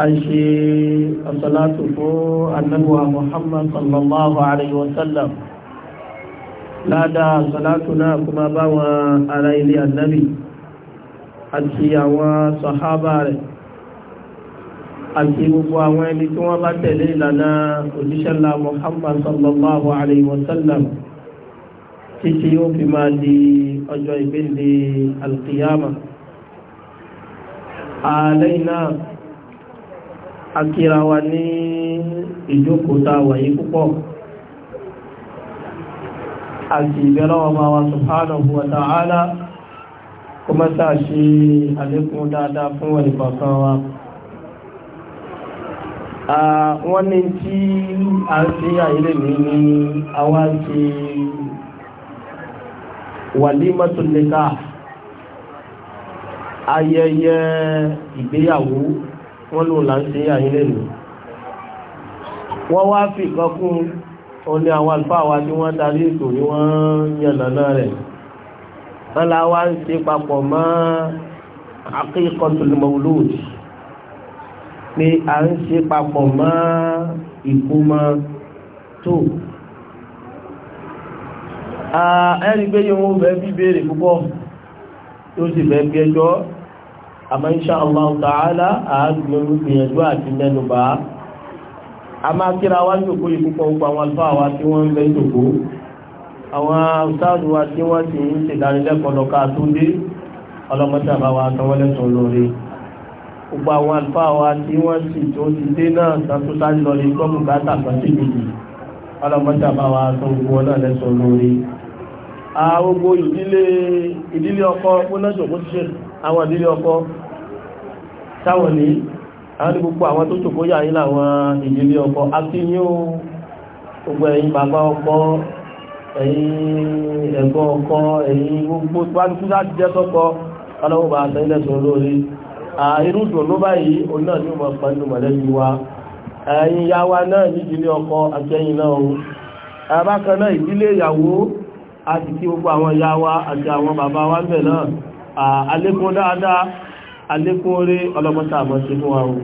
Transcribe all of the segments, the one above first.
àṣe àṣàlátù fún annabuwa muhammad sallallahu alaihi wasallam ládá àṣàlátù náà kuma bá wọn ara ilé annabi àti àwọn sàhábà rẹ̀ àti gbogbo àwọn ẹni tí wọ́n bá tẹ̀lé ìlànà òjíṣẹ́lá muhammad sallallahu alaihi wasallam títí yóò fi máa di ọjọ́ ìgbéǹde alkiyama àlẹ́ náà akíra wa ní ìjókòóta wàyí púpọ̀ àti ìbẹ̀lọ́wọ́ ma wa subhanahu wa ta'ala kó mẹ́ta ṣe àlékún dáadáa fún wọn ìkọ̀ọ̀kan wa wọ́n ní tí a ń ṣe àìlè mi ní àwọn ti walimatun nikah ayẹyẹ ìgbéyàwó wọ́n lóun là ń ṣe àyín lẹ́nu wọ́n wá fi kan kún ó ní àwọn àlùfáà wa tí wọ́n darí ètò ni wọ́n yàn lọ́nà rẹ̀ wọ́n la wá ń ṣe papọ̀ mọ́ aqiqatul mawlud pé à ń ṣe papọ̀ mọ́ ìkómọ tó ẹni pé yóò bẹ́ẹ̀ bí béèrè púpọ̀ yóò sì bẹ́ẹ̀ bí ẹjọ́ àmọ́ insha Allah ta'ala àádùnmẹ́rù gbìyànjú àti mẹ́nubà a máa kíra wá jòkó yìí púpọ̀ gbogbo àwọn àlùfáà wa tí wọ́n ń bẹ jòkó àwọn ọ̀sáàdù wa tí wọ́n ti ń ṣèdánilẹ́kọ̀ọ́ lọ́ka tó dé ọlọ́mọdé àbá wa sanwó-lẹ́sàn lórí gbogbo àwọn àlùfáà wa tí wọ́n sì tó ti dé náà santo sáré lọ lè gbọ́ bùkátà ṣe àwọn ìdílé ọkọ táwọn ní àwọn ní gbogbo àwọn tó ṣòkó yà yín láwọn ìdílé ọkọ àti ní ó gbogbo ẹ̀yin bàbá ọkọ ẹ̀yin ẹ̀gbọ́n ọkọ ẹ̀yin gbogbo pàtàkùn láti jẹ́ tọ́kọ ọlọ́wọ́ bá àtẹ́lẹ̀ tó lórí irúdùn ló báyìí òun náà ní ọmọ pẹ̀lú mọ̀lẹ́bí wa ẹ̀yin ya wa náà nídìílé ọkọ àtẹ́yìn náà o àbákan náà ìdílé ìyàwó àti kí gbogbo àwọn ya wa àti àwọn bàbá wa ń bẹ̀ náà àlékún dáadáa àlékún orí ọlọ́mọ́ta àmọ́ sí mú àwọn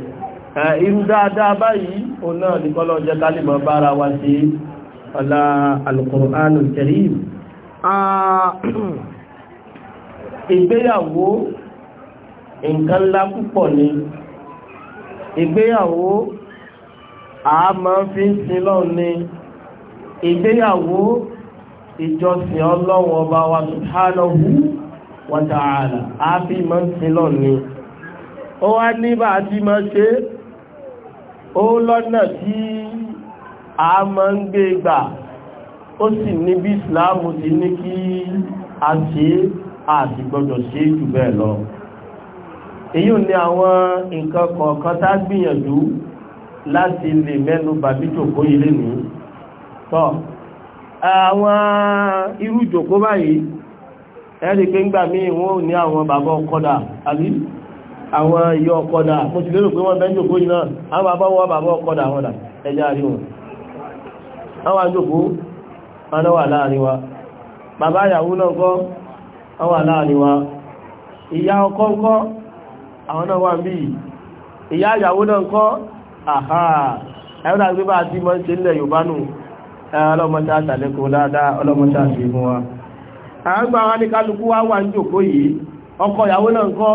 irú dáadáa báyìí o náà ní kọ́lọ̀ jẹ́ kálìmọ̀ bára wá sí ọlá Al-Qur'anul Karim ìgbéyàwó nǹkan ńlá púpọ̀ ni ìgbéyàwó àmọ́ fi ń sin lọ́n ni ìgbéyàwó ìjọsìn Ọlọ́run ọba wa subhanahu wa ta'ala a fi mọ́ sin lọ́n ni ó wá ní bá a ti máa ṣe ó lọ́nà tí a máa ń gbé gbà ó sì ní bí ìsìláàmù ti ní kí a ṣe àti gbọdọ̀ ṣe jù bẹ́ẹ̀ lọ èyí ni àwọn nǹkan kọ̀ọ̀kan tá gbìyànjú láti lè mẹ́nu bàbí ilé ní tọ́ àwọn irú báyìí ẹ̀rì pé ń gbà mí wọ́n ní àwọn bàbá ọkọ̀dà àbí àwọn ìyọ ọkọ̀dà mo ti lérò pé wọ́n bẹ́ẹ̀ jòkó yìí náà àwọn bàbá wọ́n bàbá ọkọ̀dà àwọn ọ̀dà ẹja rí wọn àwọn àjòkó wa bàbá ìyàwó náà kọ́ wọn wà wa ìyá ọkọ àwọn náà wà ìyá ìyàwó náà ẹ̀rọ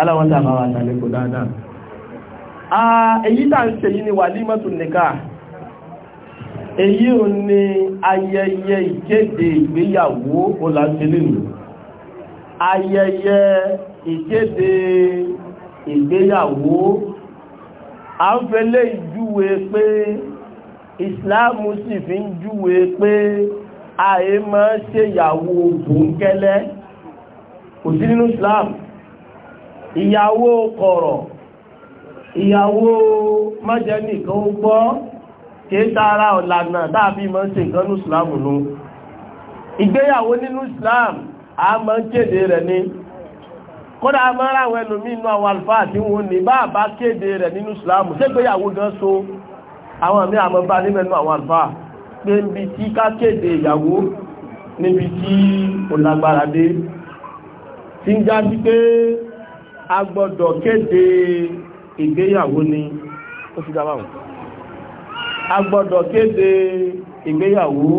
aláwọn tàbá wà tàbí kò dáadáa èyí tàà ń ṣe yí ni wàlímọ̀tù nìká èyí ò ní ayẹyẹ ìkéde ìgbéyàwó olàṣẹ́lẹ̀lù ayẹyẹ ìkéde ìgbéyàwó a ń fẹ́lẹ̀ ìjúwe pé ìsìláàmù sì fi ń júwe pé àìmọ́ ṣèyàwó bòńkẹ́lẹ́ kò sí nínú ìsìláàmù ìyàwó kọ̀rọ̀ ìyàwó mọ́jẹ́ nìkan ó gbọ́ kìí sára ọ̀lànà dáàbí mọ́ sí nǹkan ní ìsìláàmù nú ìgbéyàwó nínú ìsìláàmù a mọ́ kéde rẹ̀ ní kódà a mọ́ ráwọn ẹlòmí inú àwọn àlùfáà tí wọ́n ní bá bá kéde rẹ̀ nínú ìsìláàmù ségbéyàwó gan so àwọn àmì àmọ́ bá nímẹ̀nú àwọn àlùfáà pé níbi tí ká kéde ìyàwó níbi tí ò lágbára dé ti ń já sí pé a gbọ́dọ̀ kéde ìgbéyàwó ni ó fi dá báwọn a gbọ́dọ̀ kéde ìgbéyàwó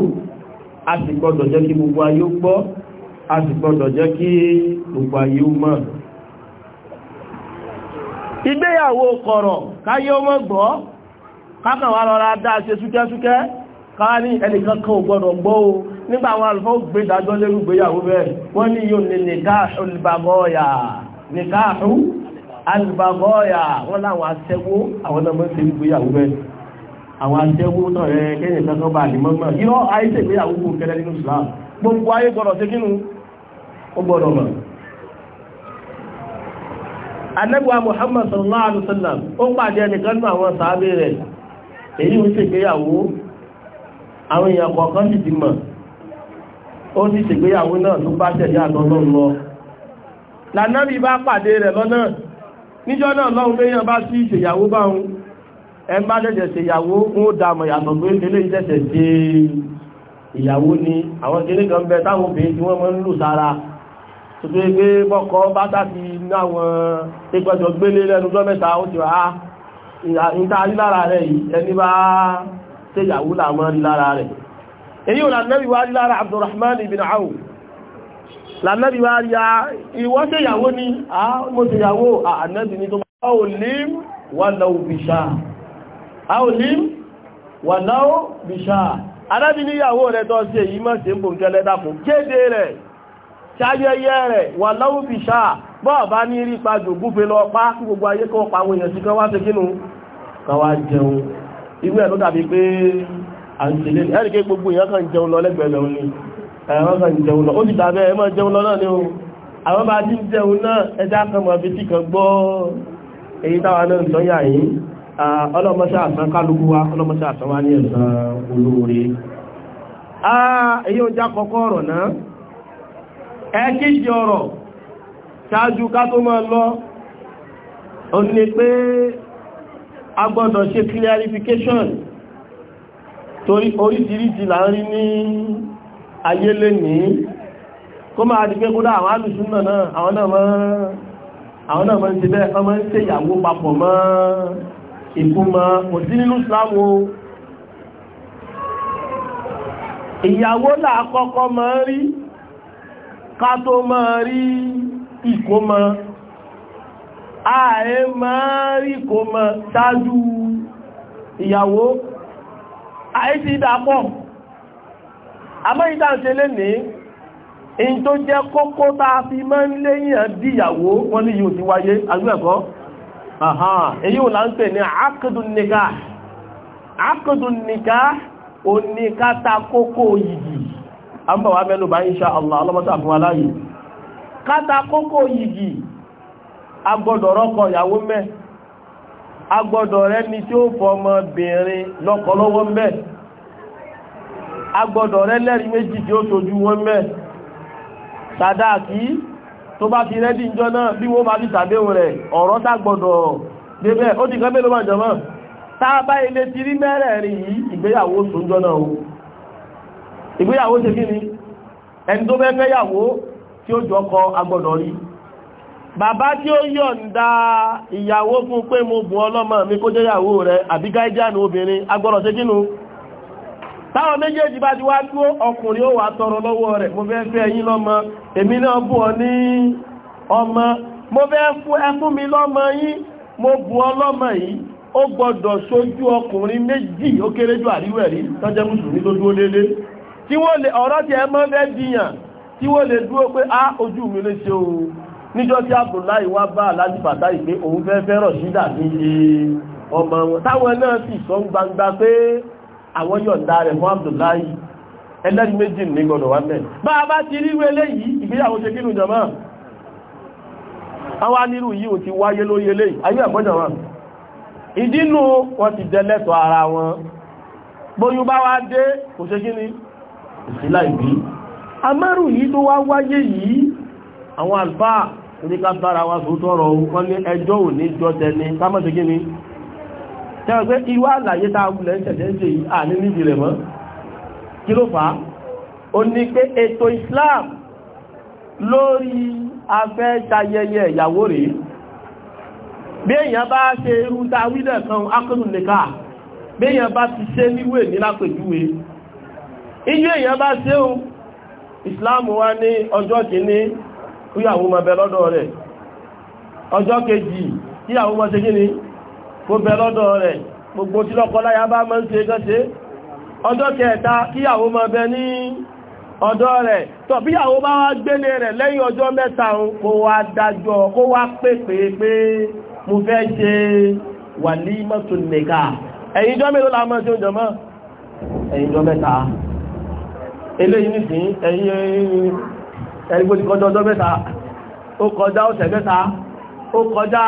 a sì gbọ́dọ̀ jẹ́ kí gbogbo ayé gbọ́ a sì gbọ́dọ̀ jẹ́ kí gbogbo ayé mọ̀ ìgbéyàwó kọ̀rọ̀ káyé ó mọ́ gbọ́ kákan wà lọ́ra dáa ṣe súkẹ́súkẹ́ káwá ní ẹnìkan kan ò gbọ́ o nígbà àwọn àlùfọ́ gbé ìdájọ́ lérú bẹ́ẹ̀ wọ́n ní yóò nílẹ̀ káà olùbàgọ́ nìkáàhù albàbọ́yà wọ́n láwọn aṣẹ́wó àwọn ọmọ ṣe gbéyàwó bẹ́ àwọn aṣẹ́wó náà rẹ̀ kẹ́yìn kankan bá lè mọ́mọ́ irọ́ ayéṣẹ́ ìgbéyàwó kò kẹ́lẹ́ nínú Islam gbogbo sallallahu ti ṣègbéyàwó náà tó bá tẹ̀lé lọ lànàbí bá pàdé rẹ̀ lọ́nà níjọ́ náà lọ́hun léyàn bá sí ìṣèyàwó bá hun ẹ bá dẹ̀dẹ̀ ṣèyàwó ń dàmọ̀ yàtọ̀ pé lélé ìdẹ̀ṣẹ̀ ṣe ìyàwó ni àwọn kéré kan bẹ táwọn obìnrin tí wọ́n mọ́ ń lù sára tuntun pé bọ́kọ bá sáti náwọn ẹgbẹ́jọ gbélé lẹ́nujọ́ mẹ́ta ó lànàbí wá rí a ah, ìwọ ìyàwó ni a ah, mo ṣe ìyàwó ah, ànàbí ni tó máa a ò lím wà láwò bìṣà a ò lím wà láwò bìṣà ànàbí ní ìyàwó rẹ̀ tó ṣe èyí mọ́ sí bòǹkẹ́lẹ́ dákùn kéde rẹ̀ ṣáyẹyẹ rẹ̀ wà láwò bìṣà bọ́ọ̀bá ní rí pàjò gúfe lọ pá kí gbogbo ayé àwọn kan jẹun lọ ó ti dàbẹ́ ẹ máa jẹun lọ náà ni o àwọn bá ti ń jẹun náà ẹjá kan mọ̀ fi tí kan gbọ́ èyí táwa náà sọ yà yìí ọlọ́mọṣẹ́ àsán kálukú wa ọlọ́mọṣẹ́ àsán wa ní ẹ̀sán olóore èyí ó já kọ́kọ́ ọ̀rọ̀ náà ẹ kéjì ọ̀rọ̀ ṣáájú ká tó máa lọ ó ní pé a gbọ́dọ̀ ṣe clarification torí oríṣiríṣi là ń rí ní ayé lè ní kó máa di pé kó dá àwọn alùsùnà náà àwọn náà mọ́ àwọn náà mọ́ ń ṣe bẹ́ẹ̀ ọmọ ń ṣe ìyàwó papọ̀ mọ́ ìkúmọ̀ kò sí nínú Ìsìlámù ìyàwó làkọ́kọ́ máa rí ká tó máa rí ìkómọ ààrẹ máa rí kómọ ṣáájú ìyàwó àìsí ìdàpọ̀ àmọ́yí tá ń ṣe lé ní in tó jẹ́ kókó tá fi mọ́ ń léyàn díyàwó wọ́n ní yóò ti wáyé agbẹ́ẹ̀kọ́ èyí ò láńpẹ̀ ní aqdun nikah oníkátà kókó yìí àmbàwà mẹ́lúbà ọlọ́mọ́ta fún kátà kókó yìí agbọ́dọ̀ ìyàwó mẹ́ agbọ́dọ̀ ni tí ó lọ́wọ́ mẹ́ agbọ́dọ̀ rẹ lẹ́rìí méjì tí ó sojú wọn mẹ́ sàdáàkì tó bá ti rẹ́dí ìjọ náà bí wọ́n bá ti tàbíhùn rẹ̀ ọ̀rọ̀ sàgbọ́dọ̀ débẹ̀ ó ti kẹ́bẹ̀ ti o igbeyawo tí ó kọ agbọ́dọ̀ ìyàwó fún pé mo bù ọlọ́mọ mi kó jẹ́yàwó rẹ̀ obìnrin táwọn méjèèjì bá ti wá dúó ọkùnrin ó wà tọrọ lọ́wọ́ rẹ̀ mo fẹ́ fẹ́ yín lọ́mọ èmi náà bù ọ ní ọmọ mo fẹ́ fún ẹfún mi lọ́mọ yín mo bù ọ lọ́mọ yìí ó gbọ́dọ̀ sójú ọkùnrin méjì ó kéré jù àríwẹ̀rí tọ́jẹ́ mùsùlùmí tó dúó dédé tí wọ́n lè ọ̀rọ̀ tí ẹ mọ́ fẹ́ dìyàn tí wọ́n lè dúó pé á ojú mi lè ṣe o níjọ́ tí Abdullahi wá bá aláàjì bàtà ìpé òun fẹ́ fẹ́ràn sídà ní ọmọ wọn táwọn náà sì sọ gbangba pé àwọn yọ̀ǹda rẹ̀ fún Abdullahi ẹlẹ́ni méjì ní gbọdọ̀ wá mẹ́ bá a bá ti rí wé léyìí ìgbéyàwó ṣe kínú jọmọ́ àwọn anírù yìí ò ti wáyé lórí eléyìí ayé ẹ̀gbọ́jọ̀wọ́ ìdínú wọn ti dẹlẹ́tọ̀ ara wọn bóyún bá wá dé kò ṣe kíní ìsílá ìbí amẹ́rù yìí tó wá wáyé yìí àwọn àlùfáà ní ká bára wa sótọ́rọ̀ wọn ní ẹjọ́ òní jọ tẹni ká tẹ́wọ̀n pé irú àlàyé tá a wulẹ̀ ṣẹ̀ṣẹ̀ ṣe yìí à ní níbi rẹ̀ mọ́ kí ló fà á ó ní pé ètò Islam lórí afẹ́ ṣayẹyẹ ìyàwó rèé bí èèyàn bá ṣe irú ta wílẹ̀ kan akọ́nù nìka bí èèyàn bá ti ṣe níwé ní lápèjúwe inú èèyàn bá ṣe o Islam wá ní ọjọ́ kìíní kúyàwó máa bẹ lọ́dọ̀ rẹ̀ ọjọ́ kejì kíyàwó máa ṣe kí ni kó bẹ lọ́dọ̀ rẹ̀ gbogbo tí lọ́kọ láya bá mọ́ ń ṣe gọ́ṣe ọjọ́ kẹta kíyàwó mọ́ bẹ ní ọ̀dọ̀ rẹ̀ tọ̀ bí yàwó bá wá gbélé rẹ̀ lẹ́yìn ọjọ́ mẹ́ta kó wá dájọ́ kó wá pèpè pé fẹ́ ṣe wàlímọ́tò nìka ẹ̀yìn jọ́ la mọ́ sí oúnjẹ mọ́ ẹ̀yìn jọ́ mẹ́ta eléyìí nìsín ẹ̀yìn ẹ̀yìn gbòdìkọjọ́ ọjọ́ mẹ́ta ó kọjá ọ̀sẹ̀ mẹ́ta ó kọjá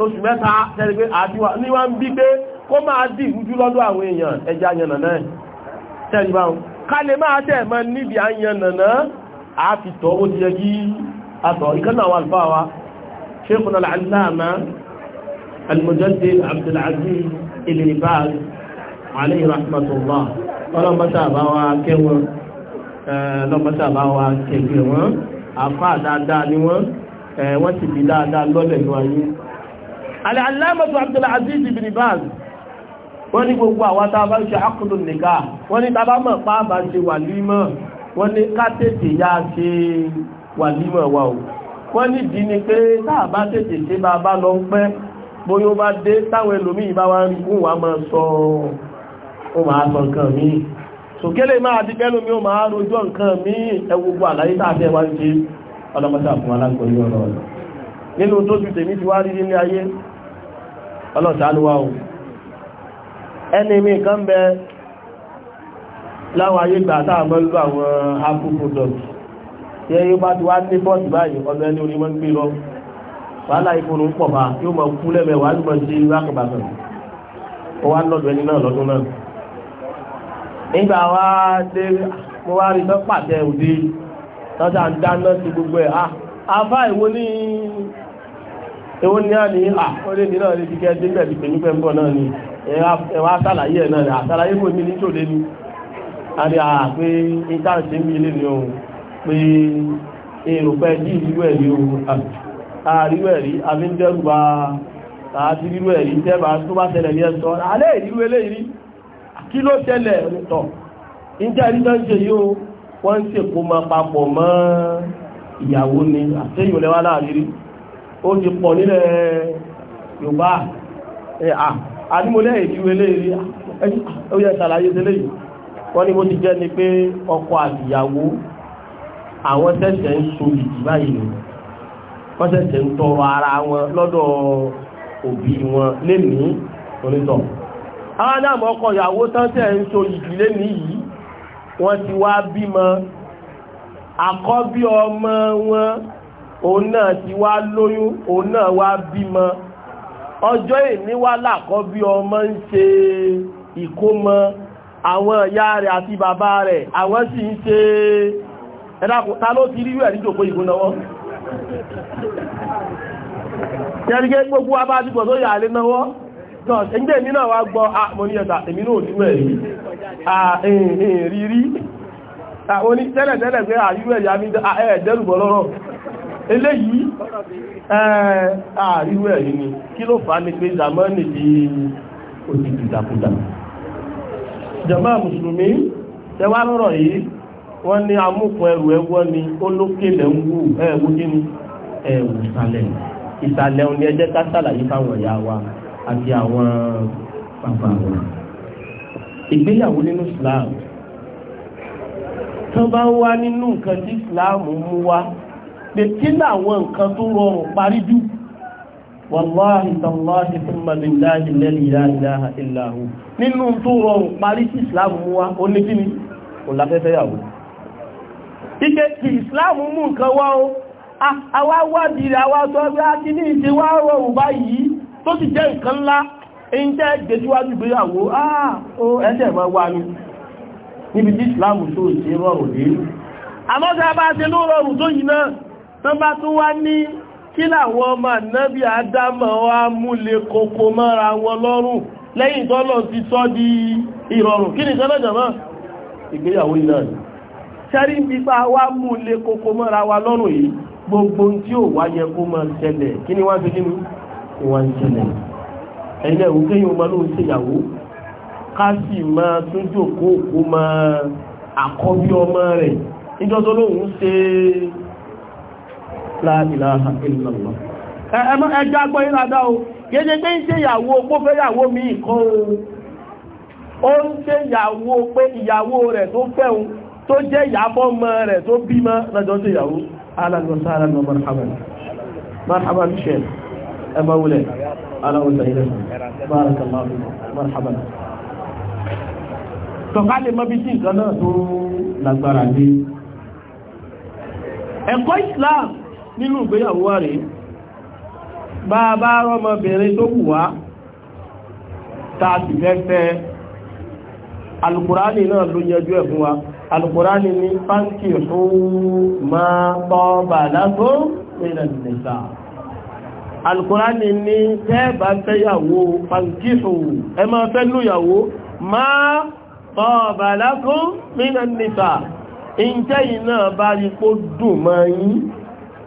oṣù mẹ́ta tẹ́lẹ̀ pé àdúwà ní wọ́n ń bí pé kó máa dì ìrújú lọ́dọ̀ àwọn èèyàn ẹja yànnàná ẹ̀ tẹ́lẹ̀ bá wọn ká lè máa tẹ́ ẹ̀mọ́ níbi àyànnàná a fi tọ́ ó ti yẹ a tọ̀ ìkànnà àwọn àlùfáà wa Sheikhuna al al Aziz Al Baz alayhi rahmatullah ọlọ́mọ́sà bá wa kẹwọn ọlọ́mọ́sà bá wa kẹgbẹ̀ wọn àfáà dáadáa ni wọn wọ́n ti fi dáadáa lọ́lẹ̀ lọ́ayé Al-Allamah Abdul Aziz ibn Baz wọ́n ní gbogbo àwọn tàbá ṣe àkùdù nìká wọ́n ní tàbá mọ̀ pàbà ṣe wàlímọ̀ wọ́n ní ká tètè yá ṣe wàlímọ̀ wà o wọ́n ní dí ni pé tàbá tètè ṣe bá bá lọ pẹ́ bóyó bá dé táwọn ẹlòmí ìbá wá rí kún wà máa sọ nínú tó ju tèmi ti wá rí nílé ayé ọlọ́sàánúwà ohun ẹni mi kan bẹ láwọn ayé gbà táà mọ́ lú àwọn apple product tí ẹyí bá ti wá ní bọ́ọ̀tì báyìí ọmọ ẹni orí mọ́ ń gbé lọ wàhálà ìfòrò ń pọ̀fà yóò mọ̀ kú lẹ́mẹ̀wàá lùmọ̀ sí rákàbàkàn ó wá lọ́dọ̀ ẹni náà lọ́dún náà nígbà wá dé mo wá rí tán pàtẹ òde tọ́jà ń dáná sí gbogbo ẹ̀ afá ah, ìwo ní èwo ni àní àkọ́lé ní náà lè fi kẹ́ débẹ̀ lè pẹ̀lú pẹ̀mbọ̀ náà ni ẹwà sàlàyé ẹ̀ náà ni àsàlàyé kò ní níjò lé ní a ní àà ah, pé ìtàǹsì ń bí ilé ni ohun pé èrò pẹ́ dí ìrírú ẹ̀rí ohun àríwú ẹ̀rí abíndẹ́rùbá àti rírú ẹ̀rí tẹ́bà tó bá tẹ́lẹ̀ ní ẹ̀sọ́ alẹ́ ìrírú eléyìí kí ló tẹ́lẹ̀ tọ̀ ìjẹ́ ẹ̀rí tó ń ṣe yóò wọ́n ń ṣèkó máa papọ̀ mọ́ ìyàwó ó ti pọ̀ nílẹ̀ Yorùbá àdímọ́lẹ́ ìlú eléyìí ó yẹ ṣàlàyé eléyìí wọ́n ní mo ti jẹ́ ni pé ọkọ àtìyàwó àwọn ṣẹ̀ṣẹ̀ ń so ìdí báyìí ni wọ́n ṣẹ̀ṣẹ̀ ń tọrọ ara wọn lọ́dọ̀ òbí wọn lénìí onítọ̀ àwọn àdámọ́ ìyàwó tán ń so ìdí lénìí yìí wọ́n ti wá bímọ àkọ́bí ọmọ wọn òun náà ti wá lóyún òun náà wá bímọ ọjọ́ wá ọmọ ń ṣe ìkómọ àwọn ìyá rẹ̀ àti bàbá rẹ̀ àwọn sì ń ṣe ló ti rí gbogbo wa bá ti gbọ̀ tó yà lé náwọ́ ẹgbẹ́ èmi náà wá gbọ́ ah, àmọ́ èmi náà ẹ̀rí àwọn onítẹ́lẹ̀tẹ́lẹ̀ pé yà eléyìí ààríwé eh, ah, ẹ̀yìn ni kí ló fà ní pé zamani di òtítì ìdàkúdà jàmá mùsùlùmí tẹwà lọ́rọ̀ yìí wọ́n ní amúkùn ẹrù ẹwọ́ ni olókèlè ń wù ẹ̀wù kíni ẹ̀wù ìsàlẹ̀ ìsàlẹ̀ òní ẹjẹ́ ká sàlàyé fáwọn ìyá wa àti àwọn bàbá wa ìgbéyàwó nínú Islam tán bá wá nínú nǹkan tí Islam mú wá pé kí láwọn nǹkan tó rọrùn parí jù wàláhì tàláhì fún màbíláhì lẹ́lì ìlàhà ìlàhù nínú tó rọrùn parí sí ìsìláàmù wá ó ní kí ni kò láfẹ́fẹ́ yàwó ike ti ìsìláàmù mú nǹkan wá ó àwa wádìí rẹ̀ níbi tí ìsìláàmù tó ṣe rọrùn dé àmọ́ tá a bá ṣe ló rọrùn tó yìí náà tán bá tún wá ní kí làwọn ọmọ ànábì àdámọ̀ wá múlẹ̀ kòkó mọ́ra wọn lọ́rùn lẹ́yìn tọ́lọ̀ ti sọ́ di ìrọ̀rùn kí ni sọ́lọ̀ jọ̀mọ́ ìgbéyàwó iná ṣẹ́rí pípa wá múlẹ̀ kòkó mọ́ra wa lọ́rùn yìí gbogbo tí ò wáyẹ kó máa ṣẹlẹ̀ kí ni wá fi kí ni wọ́n ṣẹlẹ̀ ẹ̀yìn ẹ̀wù kéyìn ọmọ ló ń ṣèyàwó ká la ilaha illallah ẹmọ ẹjọ́ agbọ́ ìrádá o gẹ́gẹ́ pé ń ṣe ìyàwó pó fẹ́ ìyàwó mi ìkọ́ o ó ń ṣe ìyàwó pé ìyàwó rẹ̀ tó fẹ́ o tó jẹ́ ìyàfọ́mọ rẹ̀ tó bímọ lọ́jọ́ sí ìyàwó alàgbọ̀sára nà marhaban marhaban ṣe ẹmọ wulẹ̀ aláwọ̀sá ilẹ̀ barakallahu marhaban tọ̀kálẹ̀ mọ́bí sí nǹkan náà tó lágbára dé ẹ̀kọ́ Islam nínú ìgbéyàwó wa rèé bá a bá rọmọbìnrin tó wù wá tá a sì fẹ́fẹ́ alukurani náà ló yẹjú ẹ̀ fún wa alukurani ní fáńkì fún máa tọ́ọ̀bà lásó nílẹ̀ nìta alukurani ní tẹ́ẹ̀bà fẹ́yàwó fáńkì fún ẹ máa fẹ́ ìjẹ́ yìí bá rí kó dùn máa yín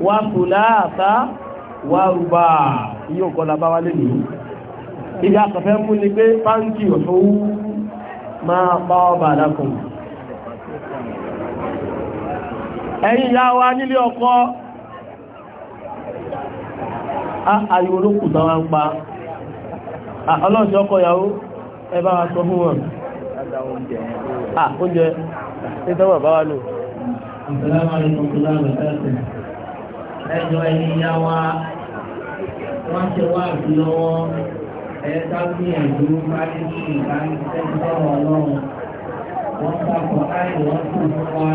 wa kùláàtà wa yíò kọ́ labáwá lè ní ibi àkàfẹ́ mú pé fáńkì òṣòwú máa bá ọba àdákùn ẹ̀yìn ya wa nílé ọkọ ayò olókù tán wá ń pa ọlọ́ọ̀ṣẹ́ ọkọ wa ẹjọ ẹni yá wa ṣe wá àbí lọ́wọ́ ẹ̀ẹ́dá gbìyànjú fáyẹ́sì ìbánisẹ́gbẹ́ ọlọ́run wọ́n sàkọ̀ wọ́n kù fún wa.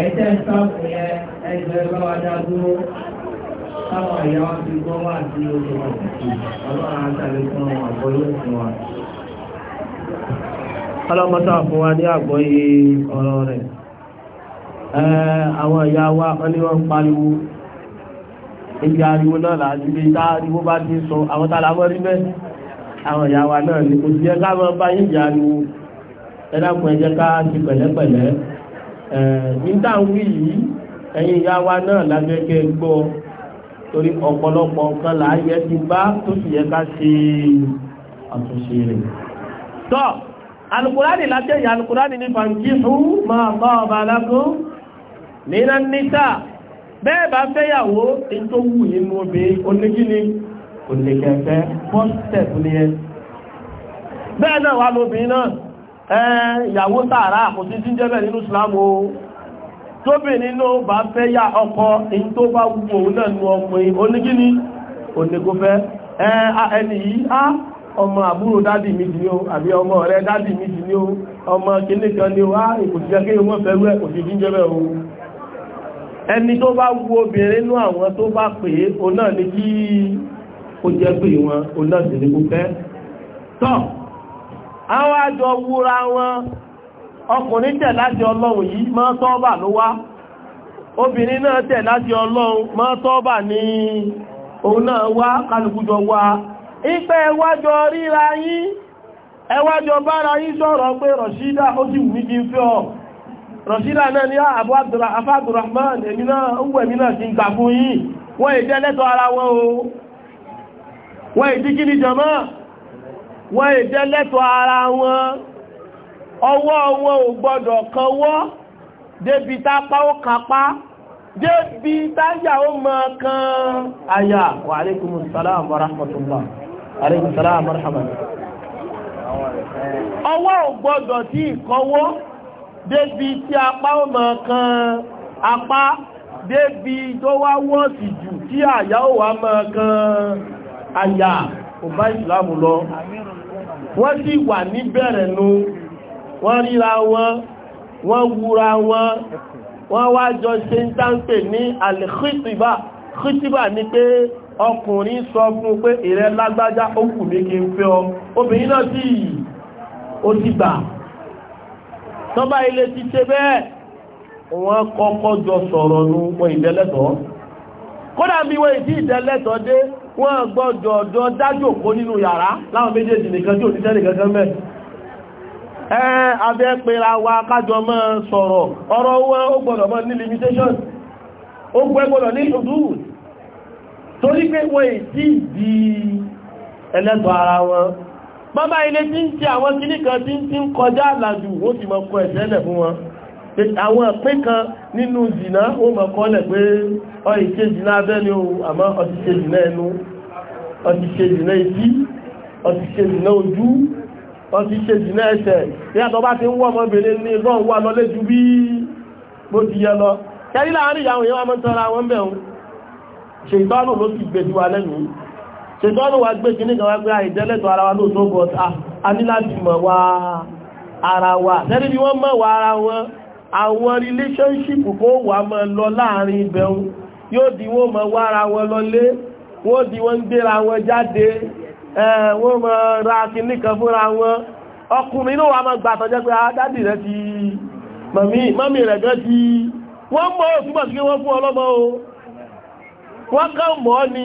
ẹ̀ẹ́dẹ́ sọ́ọ̀kù yẹn ẹgbẹ́ bá wa dá dúró táwọn ti gbọ́ wà sí olùwọ̀n ọlọ́run fún wọn fún wa. Eh, àwọn ìyá wa wọ́n ní wọ́n pariwo ibi ariwo náà láti bí táàríwó bá ti sọ àwọn tààlàmọ́ rí mẹ́ àwọn ìyá wa náà ní kò sí ẹgbà mọ́ bá yìí ìyá ariwo ẹ̀dàkùn ẹ̀jẹ̀ ká ti pẹ̀lẹ́pẹ̀lẹ́ eh, nítàwí yìí ẹ̀yìn ìyá wa náà lábẹ́kẹ́ gbọ́ torí ọ̀pọ̀lọpọ̀ nǹkan láàyè ti bá tó sì yẹ ká ṣe àtúnṣe rẹ̀ tọ́ alukurani lájẹ́ ìyá alukurani ní fàǹkì fún máa bá ọba alágún nínà níta bẹ́ẹ̀ bá fẹ́yàwó tí tó wù nínú obìnrin onígíní kò lè kẹfẹ́ fọ́stẹ̀p ní ẹ bẹ́ẹ̀ náà wà lóbìnrin náà ìyàwó tààrà kò sí sí jẹ́bẹ̀ nínú ìsìlámù tóbìnrin náà bá fẹ́yà ọkọ in tó bá wù òun náà nú ọkùnrin onígíní ọmọ àbúrò dádì mi jì ní o àbí ọmọ ọ̀rẹ́ dádì mi jì ní o ọmọ kìnnìkan ni o á ìkòsíkẹ́ kí o fẹ́rú ẹ̀ kò sí jíjẹ́bẹ̀ ẹni tó bá wu obìnrin nú àwọn tó bá pè é o náà ní kí ó jẹ́ pé wọn o náà sì ní kó fẹ́ tọ́ àwọn àjọ wúra wọn ọkùnrin tẹ̀ láti ọlọ́run yìí mọ́ tọ́ọ̀bà ló wá obìnrin náà tẹ̀ láti ọlọ́run mọ́ tọ́ọ̀bà ní òun náà wá kálukújọ wá ipẹ́ ẹwájọ ríra yín ẹwájọ bára yín sọ̀rọ̀ pé rọ̀ṣídà ó sì wù mí kí n fẹ́ ọ rọ̀ṣílà náà ní ah, afáàdùrahman èmi náà ń wẹ̀ mí náà ti ń gbà fún yín wọ́n èdè ẹlẹ́tọ̀ ara wọn o wọ́n èdè kí ni jọmọ́ wọ́n èdè ẹlẹ́tọ̀ ara wọn ọwọ́ wọn ò gbọ́dọ̀ kanwọ́ débi tápá ó kápá débi táyà ó mọ kan àyà ọwọ́ ò gbọ́dọ̀ tí ìkọwọ́ débi tí apá ó mọ̀ kan apá débi tó wá wọ́ọ̀sì jù tí àyà ó wá mọ̀ kan àyà kò bá ìsìlámù lọ wọ́n sì wà ní bẹ̀rẹ̀ nu wọ́n ríra wọn wọ́n wúra wọn wọ́n wá jọ ṣe ń dáńpè ní alìkítìbà kítìbà ní pé ọkùnrin sọ fún pé ìrẹ́ ó kù mí kí n fẹ́ ọ obìnrin náà sì ó ti gbà tọ́ba ilé ti ṣe bẹ́ẹ̀ wọ́n kọ́kọ́ jọ sọ̀rọ̀ nu wọn ìdẹ́lẹ́tọ̀ọ́ kódà bí wọ́n ìdí ìdẹ́lẹ́tọ̀ọ́ dé wọ́n gbọ́jọ ọ̀dọ́ dájòkó nínú yàrá láwọn méjèèjì nìkan tí ò ní tẹ́lẹ̀ kankan mẹ́ ẹ́ abẹ́ pèrà wa kájọ mọ́ sọ̀rọ̀ ọ̀rọ̀ wọn ó gbọ́dọ̀ mọ́ ní limitation ó gbọ́dọ̀ ní ìdúrù torí pé wọ́n ìdí ìdí ẹlẹ́tọ̀ ara wọn bàbá ilé tí ń ṣe àwọn kìíní kan tí ń ti ń kọjá àlàjù ó ti mọ̀ kọ ẹ̀sẹ̀lẹ̀ fún wọn àwọn ẹ̀pẹ́ kan nínú jìnà ó mọ̀ kọ́lẹ̀ pé ọ ìṣe jìnà abẹ́ ni o àmọ́ ó ti ṣe jìnà ẹnu ó ti ṣe jìnà etí ó ti ṣe jìnà ojú ó ti ṣe jìnà ẹsẹ̀ yàtọ̀ bá ti ń wọ́ ọmọbìnrin ní lọ́n wà lọ léjú bí bó ti yẹ lọ kẹrí láàárín ìyàwó yẹn wà mọ́ tọ́ra wọn bẹ̀rún ṣètọ́nù ló ti gbèjú wa lẹ́yìn ṣètọ́nù wa gbé kìíní kan wá pé àìjẹ́lẹ́tọ̀ ah, ara wa ló tó bọ̀ a mọ̀ wá ara wa tẹ́lẹ̀ wọ́n mọ̀ wá ara wọn àwọn relationship kó wà mọ́ lọ láàrin ibẹ̀un yóò di wọ́n mọ̀ wá ara wọn lọlé wọ́n di wọ́n gbéra wọn wọ́n ra wọ́n mọ̀ sí fún o wọ́n mọ́ ni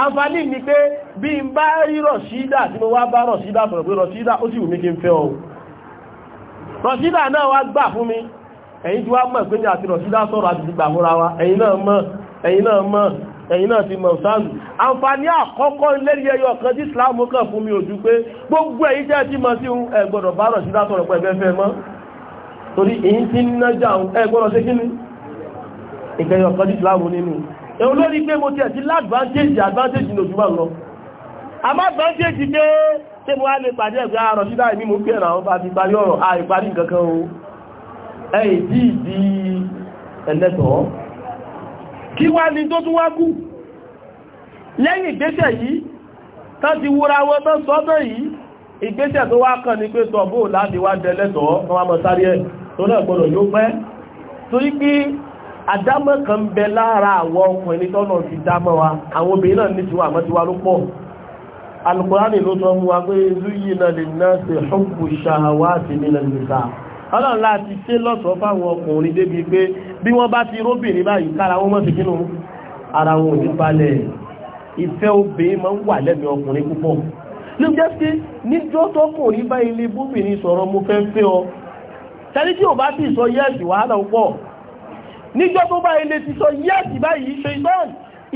àǹfààní ni pé bí n bá rí rọ̀ṣídà tí mo wá bá rọ̀ṣídà sọ̀rọ̀ pé rọ̀ṣídà ó sì wù mí kí n fẹ́ ọ rọ̀ṣídà náà wá gbà fún mi ẹ̀yin tí wá mọ̀ pé ní àti rọ̀ṣídà sọ̀rọ̀ àti ti gbà fúnra wa ẹ̀yin náà mọ̀ náà ti mọ̀ àkọ́kọ́ ẹyọ kan ìkẹyọ̀ kan tí nínú ẹ̀wọ̀n lórí pé mo tẹ̀ sí ládvantage advantage lójú máa lọ àmá advantage pé tí mo wá lè pàdé ẹ̀gbẹ́ àrọ̀ sí láì ní mo pẹ̀rẹ̀ àwọn bá ti parí ọ̀rọ̀ àìparí nǹkankan o ẹ̀yìn tí ìdí ẹlẹ́tọ̀ọ́ kí wá ní tó tún wá kú lẹ́yìn ìgbésẹ̀ yìí tán ti wúra wọn tán sọ́tọ̀ yìí ìgbésẹ̀ tó wá kàn ní pé tọ̀bọ̀ àdámọ̀ kan bẹ lára àwọn ọkùnrin tọ́nà ti dámọ́ wa àwọn obìnrin náà ní tiwa àmọ́ tiwa ló pọ̀ alukurani ló sọ mú wa pé zuyina linnasi hubbu shahawati minan nisa ọlọ́run láti ṣe lọ́sọ̀ọ́ fáwọn ọkùnrin débi pé bí wọ́n bá ti róbìnrin báyìí kára wọn mọ́ sí kínú ara wọn ò ní balẹ̀ ìfẹ́ obìnrin máa níjọ́ tó bá ilé ti sọ yẹ́ẹ̀sì báyìí ṣe ìtọ́n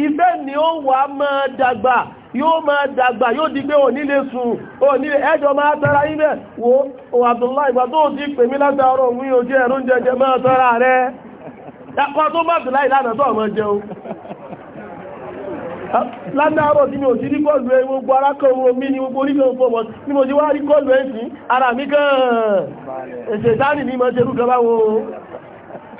ìfẹ́ ni ó wà máa dàgbà yóò máa dàgbà yóò di pé òní lè sùn òní ẹjọ́ máa tara ibẹ̀ wo Abdullahi ìgbà tó ti pè mí látàárọ̀ òun yóò jẹ́ ẹ̀rún jẹjẹ máa tara rẹ̀ ẹ̀kọ́ tó bá Abdullahi lánàá tó ọmọ tí mi ò sí rí kọlù ẹ gbogbo ara kan wo mí ni gbogbo orílẹ̀ òfò mọ̀ ní mo ti wá rí kọlù ẹ ara mi gan-an èsè dání ni mo ṣe rú gan báwo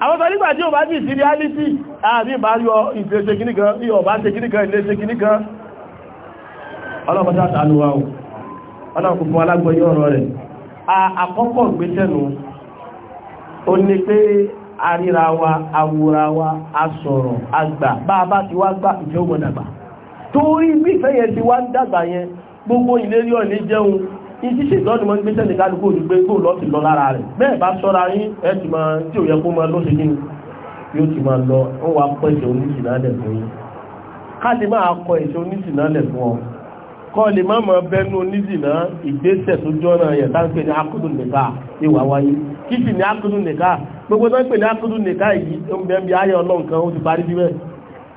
àwọn sọ nígbà tí o bá ní ìsìnrìálítì àbí ìbá yọ ìfẹ́ṣẹ́ kìníkan yọ bá ṣe kìníkan iléṣẹ́ kìníkan ọlọ́pàá tààlùwà o ọlọ́pàá fún alágbọ́yí ọ̀rọ̀ rẹ̀ àkọ́kọ́ ìgbésẹ̀nù ó ní pé àríra wa awúra wa asọ̀rọ̀ àgbà bá bá ti wá gbá ìjẹ́ ògbọ̀dàgbà torí bí ìfẹ́yẹ̀ ti wá ń dàgbà yẹn gbogbo ìdí ṣètọ́jú mọ́ gbéṣẹ́ ní kálukú òjú pé kó lọ́ọ̀tì lọ lára rẹ̀ bẹ́ẹ̀ bá ṣọ́ra yín ẹ ti mọ tí ò yẹ kó mọ ló ṣe kí yóò ti máa lọ ń wá pọ̀ ìṣẹ́ oníṣìnà lẹ̀ fún yín ká lè máa kọ ìṣẹ́ oníṣìnà lẹ̀ fún ọ kọ́ lè má mọ bẹ́nu oníṣìnà ìgbésẹ̀ tó jọ́nà yẹ̀ táǹpé ní akudu nìka ìwà wáyé kí sì ní akudu nìka gbogbo tó ń pè ní akudu nìka yìí ó ń bẹ́ẹ̀ bí ayé ọlọ́nkan ó ti parí bí bẹ́ẹ̀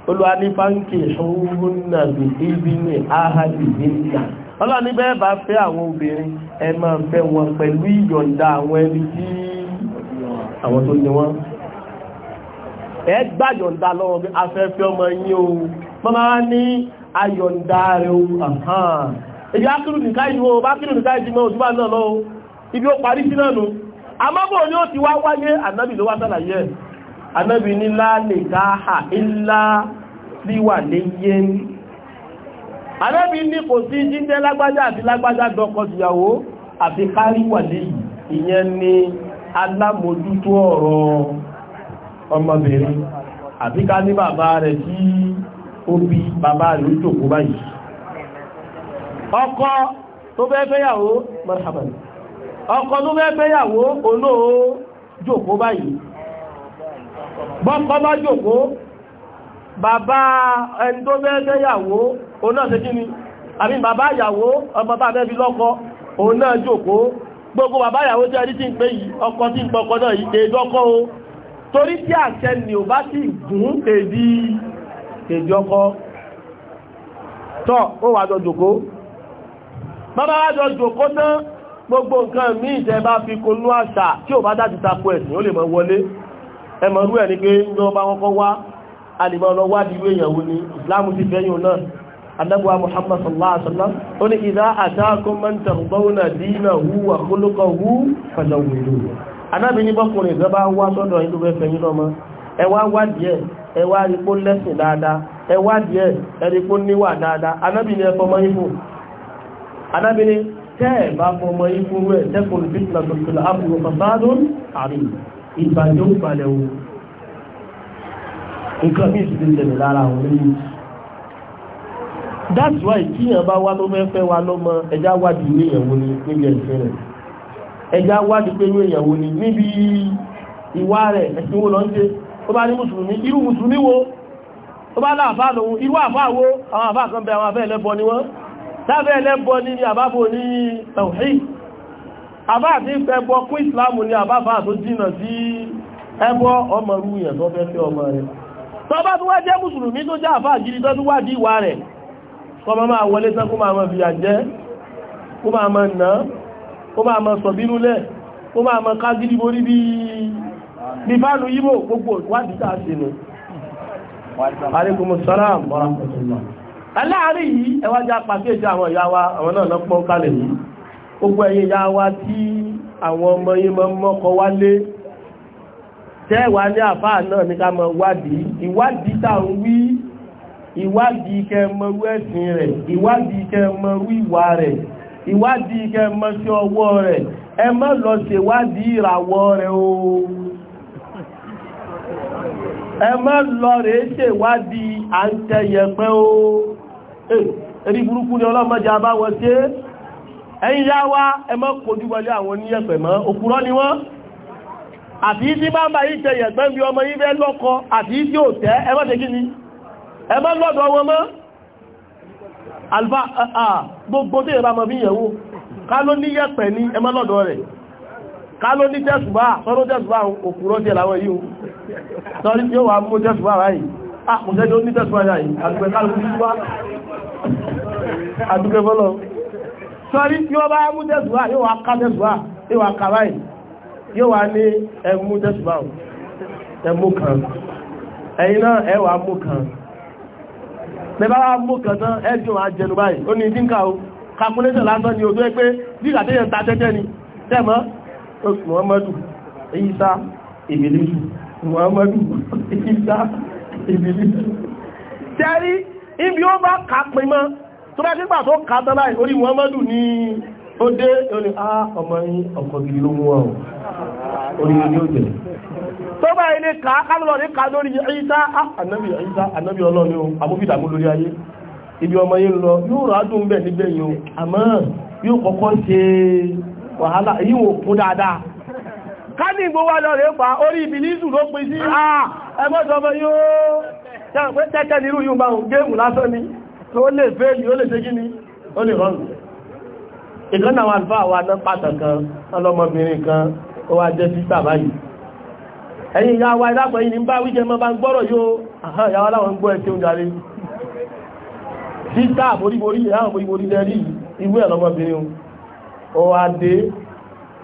olùwà ní fáńkì ṣòwò náà bí ibi ní ahadi nìkan ọlọ́run níbẹ̀ bá fẹ́ àwọn obìnrin ẹ máa fẹ́ wọn pẹ̀lú ìyọ̀ǹda àwọn ẹbí tí àwọn tó ní wọn ẹ gbà yọ̀ǹda lọ́wọ́ bí afẹ́fẹ́ ọmọ yín o mọ́má ní ayọ̀ǹda rẹ̀ o àhán èdè ákìrù nìká ìwò bá kìrù nìká ìdímọ̀ òjúbà náà ibi ó parí sí náà nù àmọ́bọ̀ ni ó ti wá wáyé ànábì ló wá sàlàyé ẹ̀ ànábì ní lá nìkáhà illa liwaliyyin Ànábì ní kò sí jíjẹ́ lágbájá àti lágbájá dọ́kọ tìyàwó àti káríwàlé ìyẹn ni alámòjútó ọ̀rọ̀ ọmọbìnrin àbí ká ní bàbá rẹ̀ tí ó bí bàbá rẹ̀ ó jòkó báyìí ọkọ tó fẹ́ fẹ́yàwó marhaban ọkọ tó fẹ́ fẹ́yàwó olóò jòkó báyìí òun náà ṣe kí ni àbí bàbá ìyàwó ọmọ bá bẹ́bí lọ́kọ òun náà jókòó gbogbo bàbá ìyàwó jẹ́ ẹni tí ń pé yìí ọkọ tí ń pọkọ náà yìí èdè ọkọ o torí tí àṣẹ ni ò bá sì gún èdè èdè ọkọ tọ́ ó wà jọ jókòó bàbá wà jọ jókòó náà gbogbo nǹkan mí ìjẹ ẹ̀ ní pé ń lọ bá kọ́kọ́ wá a lè mọ lọ wádìí ni ìsìláàmù ti fẹ́yìn náà annabuwa muhammad sallallahu alaihi wasallam ó ní idha ataakum man tardawna dinahu wa khuluquhu fazawwijuhu anábi ní bọ́kùnrin ìjọba wá sọ́dọ̀ ìlú fẹ́ fẹ́yìn lọ́mọ ẹ wá wá díẹ̀ ẹ wá rí pó lẹ́sìn dáadáa ẹ wá díẹ̀ ẹ rí pó níwà dáadáa anábi ní ẹfọ mọ́ ifo anábi ní tẹ́ ẹ̀ bá fọ mọ́ ifo rẹ̀ tẹ́kùn fitna tuntun àbúrò fasadun àrí ìbàjẹ́ òbalẹ̀ o nǹkan bí ìsìnkú ìṣẹ̀lẹ̀ lára àwọn oníyìí that's why kíyàn bá wá tó fẹ́ fẹ́ wa lọ́mọ ẹja wádìí ní ìyàwó ni níbi ẹ̀sìn rẹ̀ ẹja wádìí pé ní ìyàwó ni níbi ìwà rẹ̀ ẹ̀sìn wo lọ ń ṣe ó bá ní mùsùlùmí irú mùsùlùmí wo ó bá láàfá lòun irú àfá wo àwọn àfá kan bẹ àwọn afẹ́ ẹlẹ́bọ ni wọ́n láfẹ́ ẹlẹ́bọ ni ni àbábò ní tawhid àbá àti ẹbọ kún ìsìláàmù ni àbáfà tó jìnà sí ẹbọ ọmọ rú ìyàn tó fẹ́ fẹ́ ọmọ rẹ̀ tọ́ bá tó wá jẹ́ mùsùlùmí tó jẹ́ àfá àgírí tó tó wá di ìwà rẹ̀ kọ́ máa máa wọlé tán kó máa máa fìyà jẹ́ kó máa máa nà kó máa máa sọ bínú lẹ̀ kó máa máa ká gidi borí bí bí fáànù yíbò gbogbo wádìí tá a ṣe nù. aleykum salaam wa rahmatulah. aláàárín yìí ẹwájá pàṣẹjì àwọn ìyá wa àwọn náà lọ pọ́n kalẹ̀ yìí gbogbo ẹ̀yẹ tẹ́wàá ní àfáà náà ní ká máa wádìí ìwádìí tá ń wí ìwádìí kẹ mọ̀rú ẹ̀sìn rẹ̀ ìwádìí kẹ mọ̀rú ìwà rẹ̀ ìwádìí kẹ mọ̀ sí ọwọ́ rẹ̀ ẹ má lọ ṣèwádìí ìràwọ̀ rẹ̀ o ẹ má lọ rẹ̀ ṣèwádìí àǹtẹ̀yẹ̀pẹ́ o ẹ̀rí burúkú ni ọlọ́mọdé abáwọ̀ ṣe ẹ̀yìn yá wá ẹ má kojú wọlé ni àti tí bá ń bá yìí tẹ̀yẹ̀pẹ́ bí ọmọ yìí fẹ́ àti tí ò tẹ́ ẹ ni ẹ má lọ́dọ̀ wọn mọ́ alfa gbogbo tí ìrànmọ́ fi yẹ̀wò ká ló ní yẹ̀pẹ̀ ní ẹ má lọ́dọ̀ rẹ̀ ká ló ní tẹ́sùbá sọ́rọ̀ tẹ́sùbá òkúrọ́ tí ẹ̀láwọ̀ yìí sọ́rí tí ó wà mú tẹ́sùbá ráyìí àpùsẹ́ tí ó ní tẹ́sùbá ráyìí àdúgbẹ́ kálùkù tẹ́sùbá àdúgbẹ́ fọ́lọ́ sọ́rí tí ó bá mú tẹ́sùbá yóò wà ká ẹ̀yìn náà ẹwà mú kan bẹ́bá wá mú kàntán ẹjọ́ àjẹnu báyìí ó ní dínkà o calculation lásán ni o tó ẹ pé bí ìgbàtẹ́yàn ta tẹ́tẹ́ ni tẹ́mọ́ oṣù muhammadu Ìsá ìbìlísù muhammadu Ìsá ìbìlísù tẹ́rí ibi ó bá kàpín mọ́ tó bá oríire yóò jẹ́ tó bá ilé ká kálọ̀ ní ká lórí ìta ah, ànábì ìta ànábì ọlọ́ni o amófìdàmú lórí ayé ibi ọmọ yìí lọ yóò rádùn bẹ̀ nígbẹ̀yìn o àmọ́ yóò kọ́kọ́ ṣe wàhálà èyí wò kún dáadáa ká ní ìgbówà lọ rẹ̀ pa orí ìbìlísù ló pín sí àà ẹgbọ́sọmọ yóò tẹ́tẹ́ nírú yóò bá gẹ́mù lásán ni tó lè fẹ́ yóò lè ṣe gíní ó lè rọrùn ìgbọ́n àwọn àlfà wà náà pàtàkan ọlọ́mọbìnrin kan ó wá jẹ́ sísà báyìí ẹ̀yìn ìyá wa ìdápọ̀ yìí ní bá wíjẹ́ mọ́ bá ń gbọ́rọ̀ yóò àhán ìyá wa láwọn ń gbọ́ ẹ̀tẹ́ oúnjẹ alẹ́ sísà boríborí ìyáwọn boríborí lẹ́rí ìwé ẹ̀lọ́mọbìnrin ó wá dé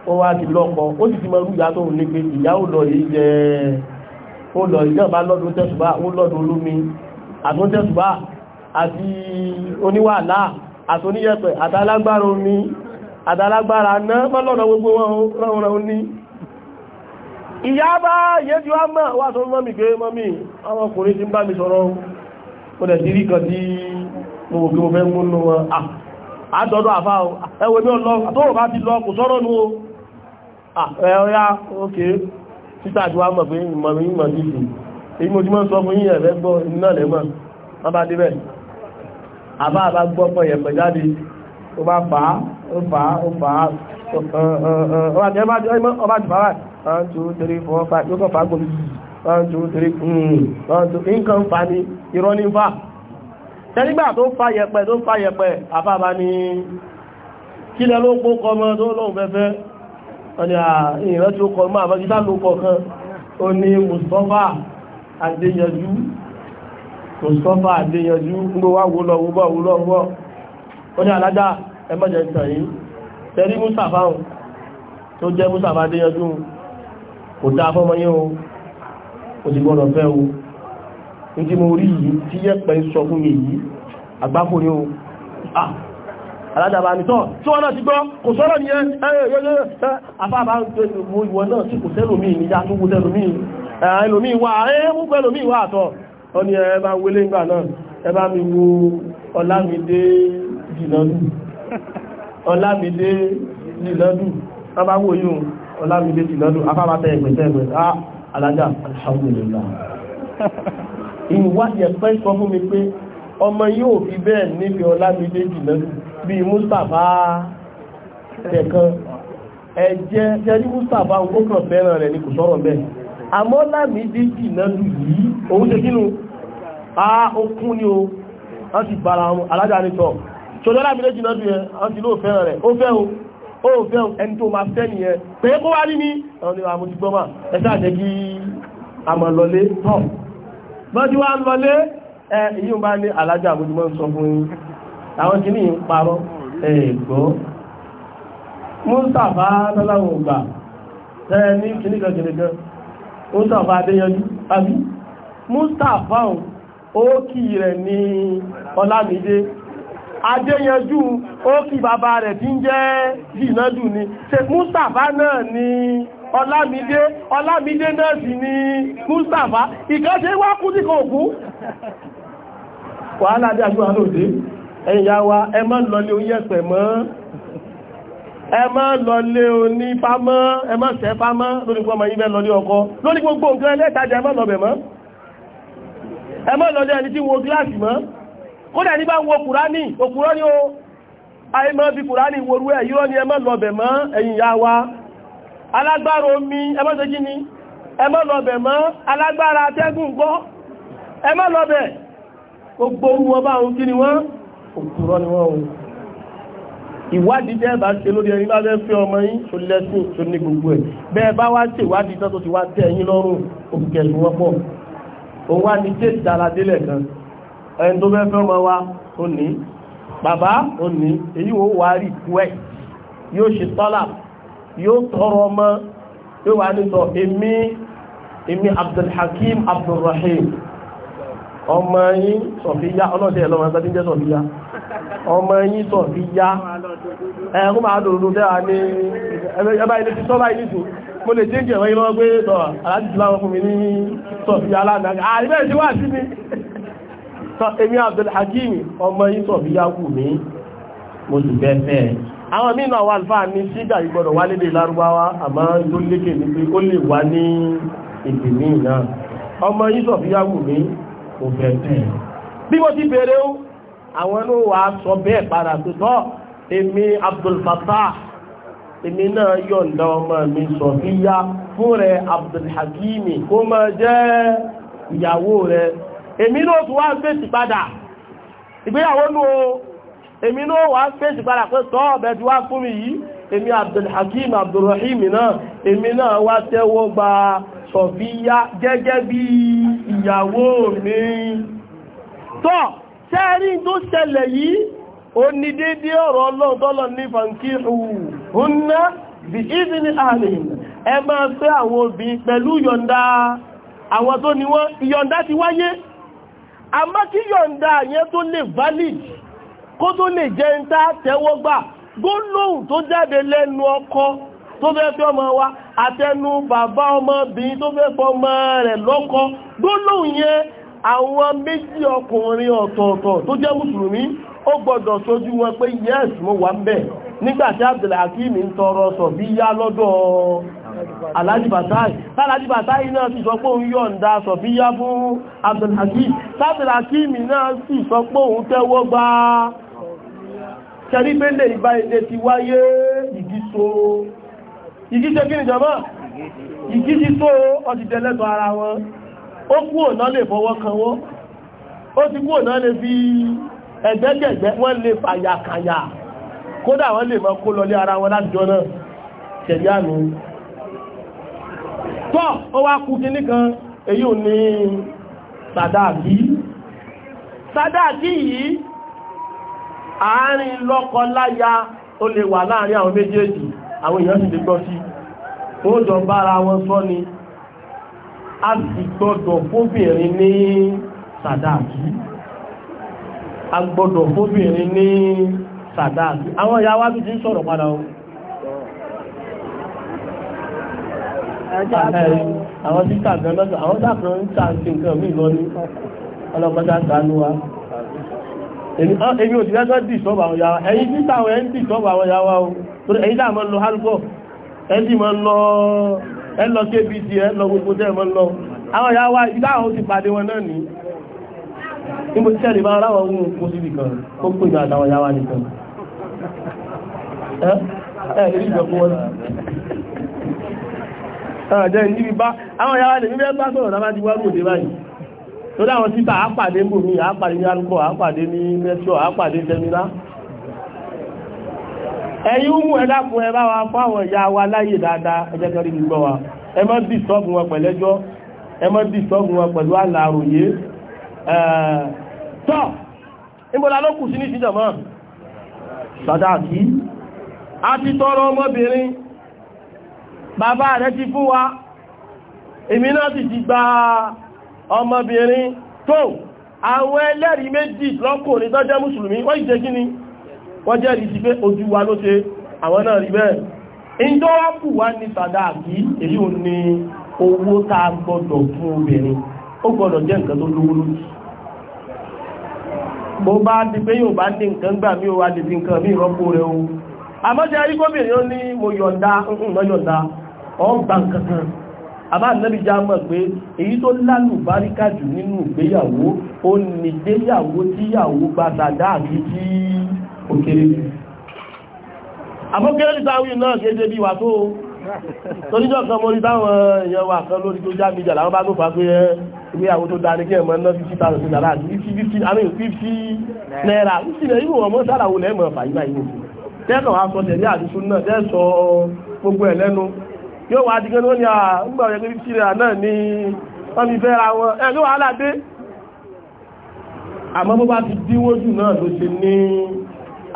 ó wá ti lọ́kọ ó sì ti mọ irú ìyá tó ń lé pé ìyá ò lọ yìí jẹ ó lọ ìjọba lọ́dún tẹ́sùbá ó lọ́dún olómi àdàlágbára náà mọ́lọ́nà gbogbo wọn rán ní ìyá bá yẹ́jú á mọ́ wà tó mọ́mí pé mọ́mí ọmọkùnrin tí ń bá mi sọ̀rọ̀ ó dẹ̀ ti rí kan tí mo wò kí mo fẹ́ múnú wọn àádọ́dọ́ àfá ẹwẹ́ mi ọlọ́ àtọ́rọ̀ bá ti lọ kò sọ̀rọ̀ nú ẹ̀ọ́yá ókè títàjú á mọ̀ pé ìmọ̀ mi mọ̀ sí sí èyí mo ti mọ́ sọ fún yíyẹ̀ fẹ́ gbọ́ iná lẹ́mọ̀ wọ́n bá débẹ̀ àbá àbá gbọ́ pọ̀ yẹ̀pẹ̀ jáde ó bá fà á ó fà á ó fà á ọba tí ọba ọba tí bàbá one two three four five yóò kàn fà á gbòmí one two three mm. one two nǹkan fà ní irọ́ ní fà tẹ́lígbà tó fà yẹ̀pẹ̀ tó fà yẹ̀pẹ̀ àfàbà ní kílẹ̀ ló kó kọmọ tó lóun fẹ́fẹ́ ọdí ìrẹ́ tí ó kọ mọ́ àbájídá ló kọ kan ó ní wọ́n ni alájá ẹmọ́jẹ̀ ìtàn yìí tẹ́rí mùsàfá hùn tó jẹ́ mùsàfá déyànjú kò dá fọ́mọ yín o kò sì gbọ́dọ̀ fẹ́ o ní tí mo rí yìí tí yẹ́pẹ̀ sọ fún mi yìí àgbákò ah, ní o aládàbà nìtọ́ tí wọ́n náà ti gbọ́ kò sọ́rọ̀ ní afábá mo ìwọ náà tí kò sẹ́lòmí ni ẹ bá wọlé ńgbà náà ẹ bá mi wo jìlọ́dù ọlámidé jìlọ́dù sábà wò yíò ọlámidé jìlọ́dù afábátẹ́ ẹgbẹ̀tẹ́ ẹgbẹ̀tẹ́ ah alájà alhamdulillah ìwádìí ẹ̀pẹ́ sọ fún mi pé ọmọ yóò fi bẹ́ẹ̀ níbi ọlámidé jìlọ́dù bí Mustapha tẹ̀kan ẹ̀jẹ́ tẹ́rí Mustapha ó kàn ni kò yìí òun ṣe kínú a ah, ó ní o wọ́n sì bára wọn alájà ní sọ̀rọ̀ ṣòlọ́lá mi lójì lọ́dún yẹn àwọn ti ló fẹ́ràn rẹ̀ ó fẹ́ o ó fẹ́ o ẹni tó máa fẹ́ nìyẹn pé kó wá ní ní àwọn ìwà àmójú ah, gbọ́mà ẹ sáà jẹ́ kí àmọ̀ lọlé tọ̀ bọ́dí wá lọlé ẹ ìyí bá ní alájà àmójú ó kì rẹ̀ ní Ọlámídé adéyanjú ó kí bàbá rẹ̀ tí ń jẹ́ jìnàjù ni ṣe Mustapha náà ni Ọlámídé Ọlámídé náà sì ni Mustapha ìkànṣe wá kú sí kò kú wàhálà dé àjúwà lóde ẹ̀yà wa ẹ má lọlé oúnjẹ pẹ̀ mọ́ ẹ má lọlé oní pámọ́ ẹ má sẹ́ pámọ́ lórí pọ́mọ yí bẹ́ lọlé ọkọ lórí gbogbo nǹkan ẹlẹ́tajà ẹ má lọ bẹ̀ kódà ní bá wo kùránì òkúrọ́ ni ó àìmọ́ bí kùránì worú ẹ̀ yíó ni ẹmọ́ lọ́bẹ̀ mọ́ ẹ̀yìn ya wa alágbára omi ẹmọ́ ṣe kí ni ẹmọ́ lọ́bẹ̀ mọ́ alágbára atẹ́gùn gbọ́ ẹmọ́ lọ́bẹ̀ gbogbo wọn bá wọn kí ni wọ́n òkúrọ́ ni wọ́n ìwádìí tẹ́ bá ṣe lórí ẹni bá fẹ́ fẹ́ ọmọ yín tó lẹ́sìn ẹni tó fẹ́ ọmọ wa ó ní bàbá ó ní èyí ó wà rí ìkúẹ̀ yóò ṣe tọ́lá yóò tọrọ ọmọ yóò wà ní sọ èmi èmi Abdulhakim Abdulrahim ọmọ yín sọ̀fíyá ọlọ́dẹ̀ ẹ̀lọ́mọ ẹgbẹ́ tí ń jẹ́ sọ̀fíyá ọmọ yín sọ̀fíyá ẹ̀rùn máa dòdò dáa ní ẹbá ilé ti sọ́lá ilé tó mo lè jẹ́ ìjẹ̀rọ ilọ́gbé tọ̀ aláàdìsíláwọ́ fún mi ní sọ̀fíyá aláàdìsíláwọ́ èmi Abdulhakeem ọmọ ìtọ̀ bí yá wù mí mo sì bẹ́ fẹ́ àwọn mínú àwọn alfáà ní ṣígà ìgbọ̀dọ̀ wá lédè lárúbáwá àmọ́ tó lékè ní pé ó lè wá ní èdè náà ọmọ ìtọ̀ bí yá wù mí wa sọ bẹ́ẹ̀ padà tó tọ́ èmi Abdulfatah èmi náà yọ̀ǹda ọmọ mi sọ bí yá fún ìyàwó rẹ̀ èmi náà tó wá fèsì padà ìgbéyàwó ní o èmi náà wá fèsì padà pé tọ́ ọ̀bẹ̀ tí wá fún mi yìí èmi Abdulhakim Abdulrahim náà èmi náà wá tẹ́wọ́ gba Sọ̀fíyá gẹ́gẹ́ bí ìyàwó mi tọ́ sẹ́rí tó ṣẹlẹ̀ yìí ó ní dédé ọ̀rọ̀ ọlọ́run tọ́lọ ní fankihu hunna bí ìdíni àwọn tó ní wọ́n ìyọ̀ǹda ti wáyé àmọ́ kí yọ̀ǹda yẹn tó lè valid kó tó lè jẹ́ ń tá tẹ́wọ́gbà gbólóhùn tó jáde lẹ́nu ọkọ tó fẹ́ fẹ́ ọmọ wa àtẹnu bàbá ọmọbìnrin tó fẹ́ ọmọ rẹ̀ àwọn méjì ọkùnrin ọ̀tọ̀ọ̀tọ̀ wọn pé yes mo wà nígbàtí alájìbàtáì tàlájìbàtáì náà sì sọ pé òun yọ̀ǹda sọ̀fíyá fún abdulhakim tàbílhakim náà sì sọ pé òun tẹ́wọ́ gba kẹrígbélé ìbá ilé ti wáyé ìgíso ìgíṣẹ́ kí ni jọmọ́ ìgíṣí tó ọdìdẹ́lẹ́tọ̀ ara wọn ó kú òná lè fọwọ́ kan wọ́n ó ti kú òná ẹ̀gbẹ́gbẹ̀gbẹ́ wọ́n lè fàyàkàyà kódà wọ́n lè mọ́ kó lọlé ara wọn láti jọ náà tẹ̀lé àmì tọ́ ó wá kú kí nìkan èyí ò ní sàdáàkì sàdáàkì yìí àárín lọ́kọ láya ó lè wà láàrin àwọn méjèèjì àwọn èèyàn sì lè gbọ́ sí wọ́n jọ bára wọn sọ ni a sì gbọ́dọ̀ fóbìnrin ní sàdáàkì a gbọ́dọ̀ fóbìnrin ní sàdáàkì àwọn ìyá bí ti ń sọ̀rọ̀ padà wọn àwọn títà kan lọ́sọ̀ àwọn dàpọ̀ ń ta sí nǹkan mí lọ ní ọlọ́pàá sánú wa èmi ò ti lẹ́sọ́ dì sọ́bà àwọn yàwá ẹ̀yí títà àwọn ẹ̀yí dì sọ́bà àwọn yàwá o torí ẹ̀yí dà mọ́ lọ hálùkọ́ ẹ̀dì mọ́ lọ ẹlọ kbc ẹlọ gbogbo tẹ́ mọ́ lọ àwọn yàwá ìdá àwọn ti pàdé wọn náà ní níbo tí ẹ̀rì máa ráwọn ohun kó síbi kan kó pè ní àtàwọn yàwá nìkan ọ̀jẹ́ ìdíbi bá àwọn ìyáwá lè níbẹ̀ bá sọ̀rọ̀ lábájú wárò dé báyìí tó dáwọn títà àpàdé ń bò mí àpàdé ní alukọ àpàdé ní mẹ́tíọ̀ àpàdé jẹmílá ẹ̀yìn mú ẹ̀dàkùn ẹ bá wa fáwọn ìyá wa láyè dáadáa ẹjẹ́ kan rí gbọ́ wa ẹ má dì sọ́ọ̀bù wọn pẹ̀lẹ́jọ́ ẹ má dì sọ́ọ̀bù wọn pẹ̀lú àlàròyé tọ́ ìbọ̀lá ló kù sí ní ìsìnjọ̀mọ́ sàdáàkì àti tọrọ ọmọbìnrin bàbá rẹ̀ ti fún wa èmi náà sì ti gba ọmọbìnrin tó àwọn ẹlẹ́rìí méjì lọ́kùnrin tó jẹ́ mùsùlùmí wọ́n ìjẹ́ kí ni wọ́n jẹ́ rí sí pé ojú wa ló ṣe àwọn náà rí bẹ́ẹ̀ ìjọ wá kù wá ní sàdáàkì èyí ò ní owó tá a gbọ́dọ̀ fún obìnrin ó gbọ́dọ̀ jẹ́ nǹkan tó lówó lójú bó bá ti pé yóò bá ní nǹkan gbà mí o wá lè fi nǹkan mí rọ́pò rẹ̀ o àmọ́jẹ́ rí gómìnà ní mo yọ̀ǹda ń mọ́ yọ̀ǹda ọgbà kankan àbá nẹ́bí já mọ̀ pé èyí tó lálù báríkà jù nínú ìgbéyàwó ó ní gbéyàwó tíyàwó gba dàdá àti tí ó kéré jù àmọ́kéré ní sáwí náà kéde bí wà tó toríjọ́ kan mo rí táwọn èèyàn wà kan lórí tó já mi jà láwọn bá tó fà pé ìgbéyàwó tó dáa ní kí ẹ̀mọ́ náà fífí tààrùn sí dàdá àti fífí náírà fífí náírà ìwọ̀n mọ́ sára wo lẹ́mọ̀ fàyíbà yìí tẹ́ẹ̀kan wá sọ tẹ̀lé àdìsún náà tẹ́ẹ̀ sọ gbogbo ẹ̀ yóò wá dìgbẹ́ ló ní àgbà ọ̀yẹ́ pé síra náà ní wọ́n fi fẹ́ra wọn ẹ̀ ló wà ládé àmọ́ bó bá ti dínwó jù náà ló ṣe ní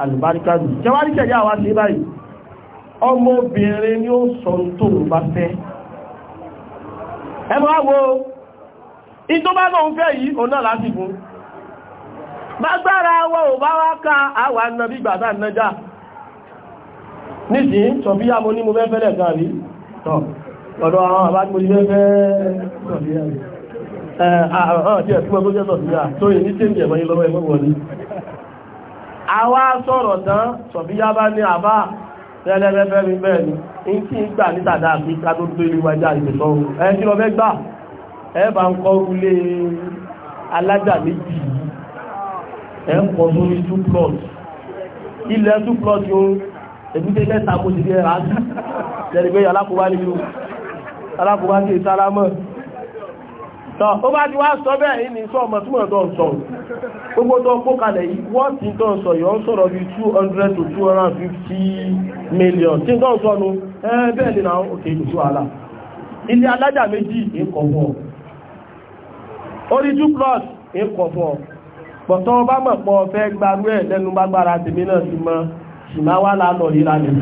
àlùbáríkà jù jẹwárí ṣẹ̀yà wá sí báyìí ọmọbìnrin ni ó sọ tó bá fẹ́ ẹ máa wo in gbágbára wọ́n ò bá wá ká àwà nàbí gbàdá nàjà nísìnyí sọ̀bíyà mo ní mo fẹ́ fẹ́lẹ̀ ọ̀dọ̀ àwọn àbájúmọ̀ àwa sọ̀rọ̀ tán sọ̀bíyá bá ní àbá tẹ́lẹ́rẹ́fẹ́ mi bẹ́ẹ̀ ni in kí n gbà ní tàdá àti ìtàdó tó ilé wájá ìpẹ̀sọ́rùn ẹ̀ kí lọ fẹ́ gbà ẹ bá ń kọ́ ilé alájà méjì ẹ ń kọ́ sórí two plot ilẹ̀ two plot yóò èbúté mẹ́ta kò sí rẹ̀ rà jẹ́rì pé alákùnbá ní yíò alákùnbá sí ìsálámọ̀ tọ́ ó bá ti wá sọ bẹ́ẹ̀ yìí ní sọ ọmọ túnmọ̀ tó ń sọ gbogbo tó ń kó kalẹ̀ yìí wọ́n 200 to 250 million tí tó ń sọ nu bẹ́ẹ̀ ni náà òkè ìlú wàhálà ilé alájà méjì ìkọ̀ fún ọ orí 2 plus ìkọ̀ fún ọ pọ̀tọ́ ọba mọ̀ pọ̀ fẹ́ gbarú ẹ̀ lẹ́nu bá gbára tèmi náà ti mọ ṣùgbọ́n lánàá ríra nìyí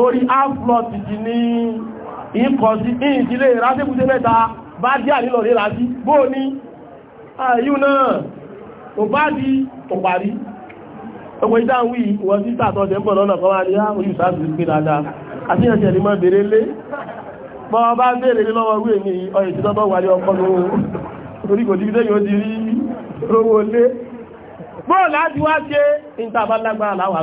orí aflot jì ní ikọ̀ sí ìjìlẹ̀ ìrásẹ́kúsẹ́ mẹ́ta bá díà nílọ̀ rí rásí bó ní ààyún ah, náà tó bá di tó parí ọgbọ̀ ìdáwí wọ́n sí tàtọ́jẹ́ pọ̀ lọ́nà kan wá ní àwọn ah, ìsáàtì pé dáadáa àti ẹ̀ṣẹ̀ ni máa bèèrè lé bọ́ bá ń bèèrè lọ́wọ́ wé ní ọyẹ̀ tí tọ́tọ́ wà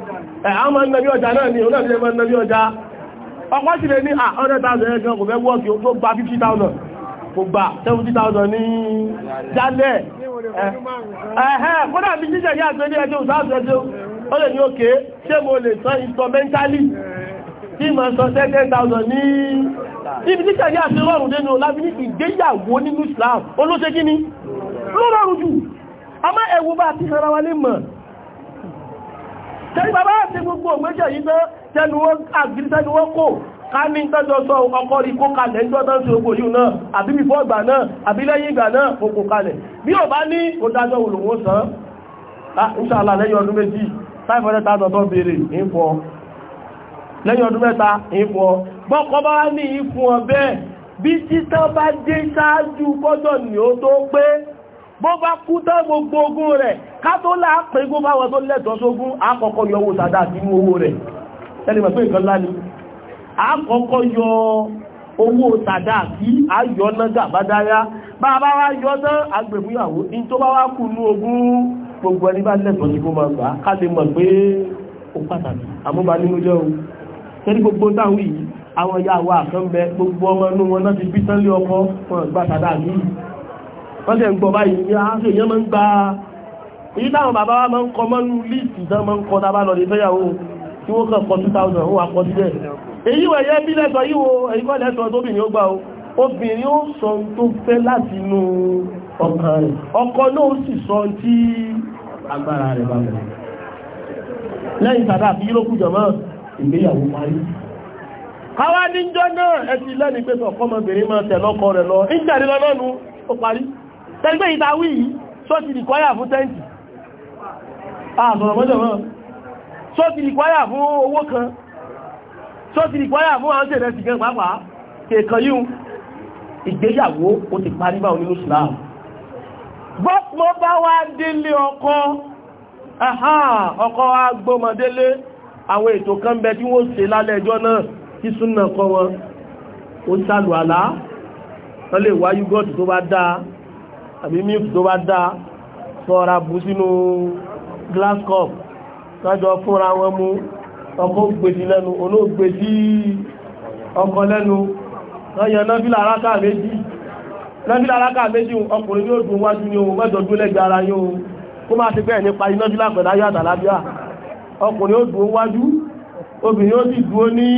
àwọn máa ń nàbí ọjà náà ni òun náà ti lè máa ń nàbí ọjà ọkọ̀ sì lè ní hundred thousand ẹ̀kan kò fẹ́ wọ́ọ̀kì tó gba fifty thousand kò gba seventy thousand ní jálẹ̀ ẹ̀hẹ́ kódà bí jíjẹ̀ yá àti ẹjẹ́ òsáàtọ̀ ẹjẹ́ ó lè ní òkè ṣé mo lè san instrumentally tí ma san ten thousand ní ibi jíjẹ̀ yá àti rọrùn dénú lábí ní ìgbéyàwó nínú Islam olóṣe kí ni ló rọrùn jù àmọ́ ẹ̀wọ́ bá ti hara wa lè mọ̀ tẹ́lú bàbá àti gbogbo ògbéṣẹ́ yìí pé tẹ́nuwọ́ àgbìrí tẹ́nuwọ́ kò ká ní tọ́jọ́ sọ ọkọ̀ rí kó kalẹ̀ ní ọdọ́ sí ogun yìí náà àbí bífọ́ ìgbà náà àbí lẹ́yìn ìgbà náà kò kalẹ̀ bí ò bá ní kò dájọ́ olùwó sàn ìṣàlá lẹ́yìn ọdún méjì 500,000 tó béèrè ìfọ́ lẹ́yìn ọdún mẹ́ta ìfọ́ bọ́kọ bá ní ìfún ọbẹ̀ bí títọ́ bá dé ṣáájú kọjọ́ ni ó tó pé bó bá kú tán gbogbo ogún rẹ̀ ká tó láàpẹ́ gbó bá wọn tó lẹ́tọ̀ọ́ sógún àkọ́kọ́ yọ owó sàdá àti inú owó rẹ̀ ẹlẹ́mọ̀ pé nǹkan láni àkọ́kọ́ yọ owó sàdá àti ayọ̀ nága bádáyá bá bá wá yọ tán agbègbéyàwó in tó bá àwọn ìyá wa gbogbo ọmọ inú wọn náà ti bí tán lé ọkọ wọn gbà sàdá àti wọ́n tẹ̀ ń gbọ́ báyìí ní aṣọ èèyàn máa ń gba èyí táwọn bàbá wa máa ń kọ mọ́nú líìsì tán máa ń kọ tábà lọ lè fẹ́yàwó tí wọ́n kàn kọ 2000 ó wà kọ sílẹ̀ èyí wẹ̀ yẹ bí lẹ́sọ yíwo èyí kọ́ lẹ́sọ tóbìnrin ó gbà ó obìnrin ó sọ tó fẹ́ láti inú ọkàn rẹ̀ ọkọ náà ó sì sọ tí agbára rẹ̀ bá bẹ̀rẹ̀ lẹ́yìn tàbí àfi jọmọ́ ìgbéyàwó parí káwá níjọ́ náà ẹ lẹ́ni pé ọkọ ọmọbìnrin máa tẹ̀ rẹ̀ lọ tẹ́gbẹ́ ìta wí yìí só ti rìkwáyà fún tẹ́ǹtì àbọ̀rọ̀mọ́jọ̀mọ́ só ti rìkwáyà fún owó kan só ti rìkwáyà fún àwọn tẹ̀rẹ̀ sí kan pàápàá kèèkan yíò ìgbéyàwó ó ti parí bá onílù Islam bọ́pọ̀ bá wá délé ọkọ aha ọkọ agbọ́mọdélé àwọn ètò kan bẹ tí wọ́n ṣe lálẹ́ ẹjọ́ náà tí súnà kọ wọn ó sálù àlá wọ́n lè wáyú gọ́ọ̀tù tó bá dáa àbí milk tó bá dáa sọ́ra bú sínú glass cup tọ́jọ fúnra wọn mú ọkọ̀ gbèsì lẹ́nu olóògbèsì ọkọ̀ lẹ́nu lọ́yàn náfílà alákà méjì náfílà alákà méjì ọkùnrin yóò dùn wájú ní ohun mẹ́jọ dún lẹ́gbẹ̀ẹ́ ara yóò kó máa ti bẹ́ẹ̀ nípa iná fílà pẹ̀lú ayé àtàlábíà ọkùnrin yóò dùn wájú obìnrin yóò sì dúró ní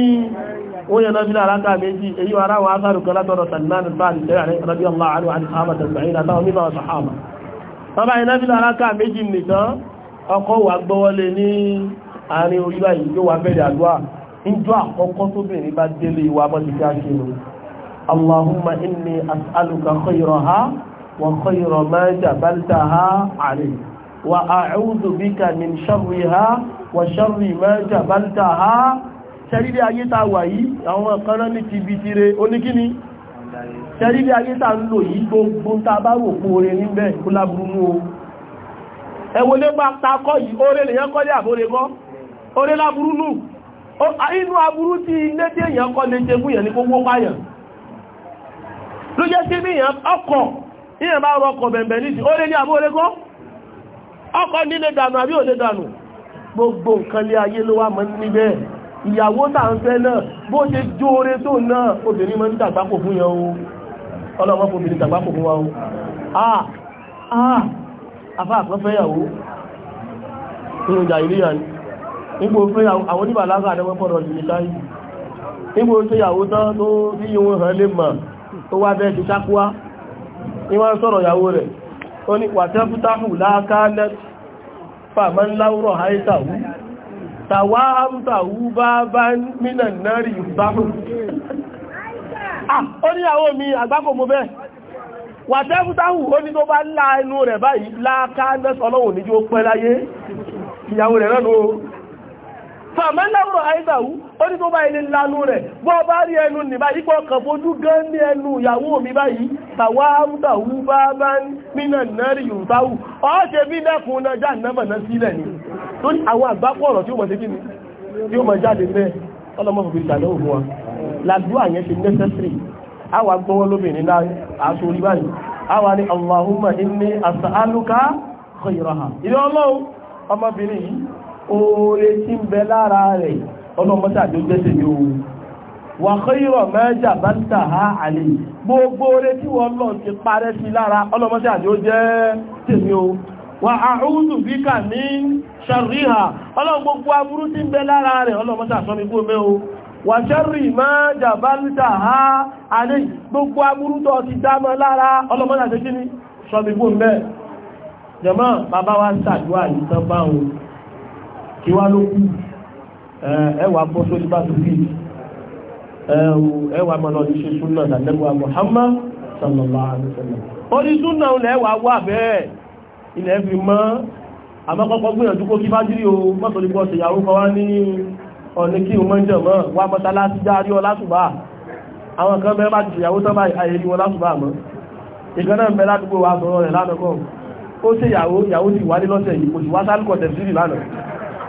ó yẹ lọ́bí láàrákà méjì èyí ara wọn asáàrù kan látọ̀rọ̀ Salman al-Fari tẹ́rẹ̀ rẹ̀ Allah anhu àti sahaba tẹ̀sán àtàwọn mímọ̀ sahaba bàbá yẹn lọ́bí láàrákà méjì nìkan ọkọ̀ wà gbọ́wọ́lé ní àárín orí báyìí yóò wà bẹ̀rẹ̀ àdúrà níjọ́ àkọ́kọ́ tóbìnrin bá délé ìwà bọ́ ti fi àṣírò Allahumma inni as'aluka khayraha wa khayra ma jabaltaha alayhi wa a'udhu bika min sharriha wa sharri ma jabaltaha alayhi ṣẹ̀rídé ayé ta wà yìí àwọn kanáà ní ti bí tire oníkíní ṣẹ̀rídé ayé ta ń lò yìí gbogbo ta bá wò fún orin níbẹ̀ kó lábúrú o ẹwọ lé bá takọ́ yìí oré lèyàn kọ́ lé àbórè kọ́ oré lábúrú nù inú aburú tí ilé tí èyàn kọ́ lè ṣe fún yẹn ní kó wó páyàn ló gbogbo nǹkan lé ayé ló wà mọ́ níbẹ̀ ìyàwó tà ń fẹ́ náà bó ṣe jóore tó náà obìnrin mọ́ ní tàgbákò fún yẹn o ọlọ́mọ́ fún obìnrin tàgbákò fún wa o àfá àkọ́fẹ́yàwó nínú ìjà ìlúyà ní ipò fẹ́ àwọn oníbà lágbà àdẹ́wọ́ pọ̀rọ̀ ìlú sáyì ipò fẹ́yàwó wọ́n sọ̀rọ̀ ìyàwó rẹ̀ ó ní wàtẹ́fútáhù lákáálẹ́ fàmọ́ ńláwúrọ̀ háítàwú tàwà àmtàwú bá bá mínà náàrí ìbáhùn ó ní àwọn omi àgbákò mú bẹ́ẹ̀ wà tẹ́fútáhù ó ní tó bá lá ẹnu rẹ̀ báyìí láká nẹ́sọ́lọ́wò níjú ó pẹ́ láyé ìyàwó rẹ̀ náà fàmọ́ láwùrọ̀ àìsàwú ó ní tó bá ilé lánú rẹ̀ bọ́ bá rí ẹnu nìbá ipò kan fojú gan ní ẹnu ìyàwó mi báyìí tàwà ámútàwú bá bá ń mínà náà rí yòótáwù ó ṣe bí dẹ́kun náà já náà sílẹ̀ ni tó ní àwọn àgbápọ̀rọ̀ tí ó mọ̀ sí kí ni tí necessary àwa gbọ́wọ́ lóbìnrin náà aṣọ orí ni Allahumma inni as'aluka khayraha ilé ọlọ́run ọmọbìnrin yìí oore tí ń bẹ lára rẹ̀ ọlọ́mọ́sá àjọ jẹ́sẹ̀ ní ohun wà kọ́yìrọ̀ mẹ́jà bá ń tà àlè gbogbo oore tí wọ́n lọ ti parẹ́ sí lára ọlọ́mọ́sá àjọ jẹ́ tèmi o wà àrùnù bí kà ní ṣàríhà ọlọ́gbogbo aburú tí ń bẹ lára rẹ̀ ọlọ́mọ́sá àṣọ́ mi gbóòmẹ́ o wà ṣẹ́rì mẹ́jà bá ń tà á àlè gbogbo aburú ti dámọ́ lára ọlọ́mọ́sá àṣọ́ mi gbóòmẹ́ jẹ́mọ́ bàbá wa ń ṣàdúrà yìí tán kí wá ló kú ẹwà bọ́ sórí bá tó fi ẹwà mọ́nà ní ṣe súnà tàbí Muhammad sallallahu alaihi wasallam ó ní súnà ilẹ̀ ẹwà wà bẹ́ẹ̀ ilẹ̀ fi mọ́ àmọ́kọ́kọ́ gbìyànjú kó kí bá jírí o mọ́sọ̀lẹ́ bọ́ sí ìyàwó kan wá ní ọ̀nà kí o mọ́jọ̀ mọ́ wá pọ́tá láti dárí ọ látùbá àwọn kan bẹ́ẹ̀ bá ti ìyàwó tán bá ayẹyẹ wọn látùbá mọ́ ìkan náà bẹ́ẹ̀ ládùúgbò wa sọ̀rọ̀ rẹ̀ lánàkọ́ ó sì ìyàwó ìyàwó ti wálé lọ́sẹ̀ yìí kò sì wá sálùkọ̀ tẹ̀síìrì lánàá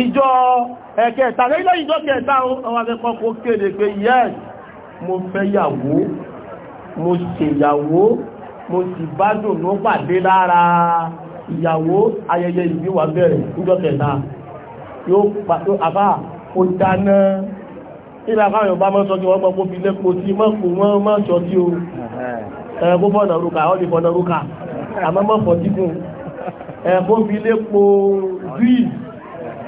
ìjọ ẹ̀kẹta lẹ́yìn ìjọ kẹta àwọn akẹ́kọ̀ọ́kọ́ kéde pé yes mo fẹ́ yàwó mo ṣèyàwó mo sì bá dùnú pàdé lára ìyàwó ayẹyẹ ìbí wa bẹ̀rẹ̀ ìjọ kẹta yóò pàtó àbá ó dáná nígbà káwọn yóò bá mọ́ sọ kí wọ́n gbọ́gbọ́ fi lẹ́kọ́ tí mọ́kù wọ́n mọ́ sọ tí o ẹ̀kọ́ fọ́nà rúkà ó lè fọ́nà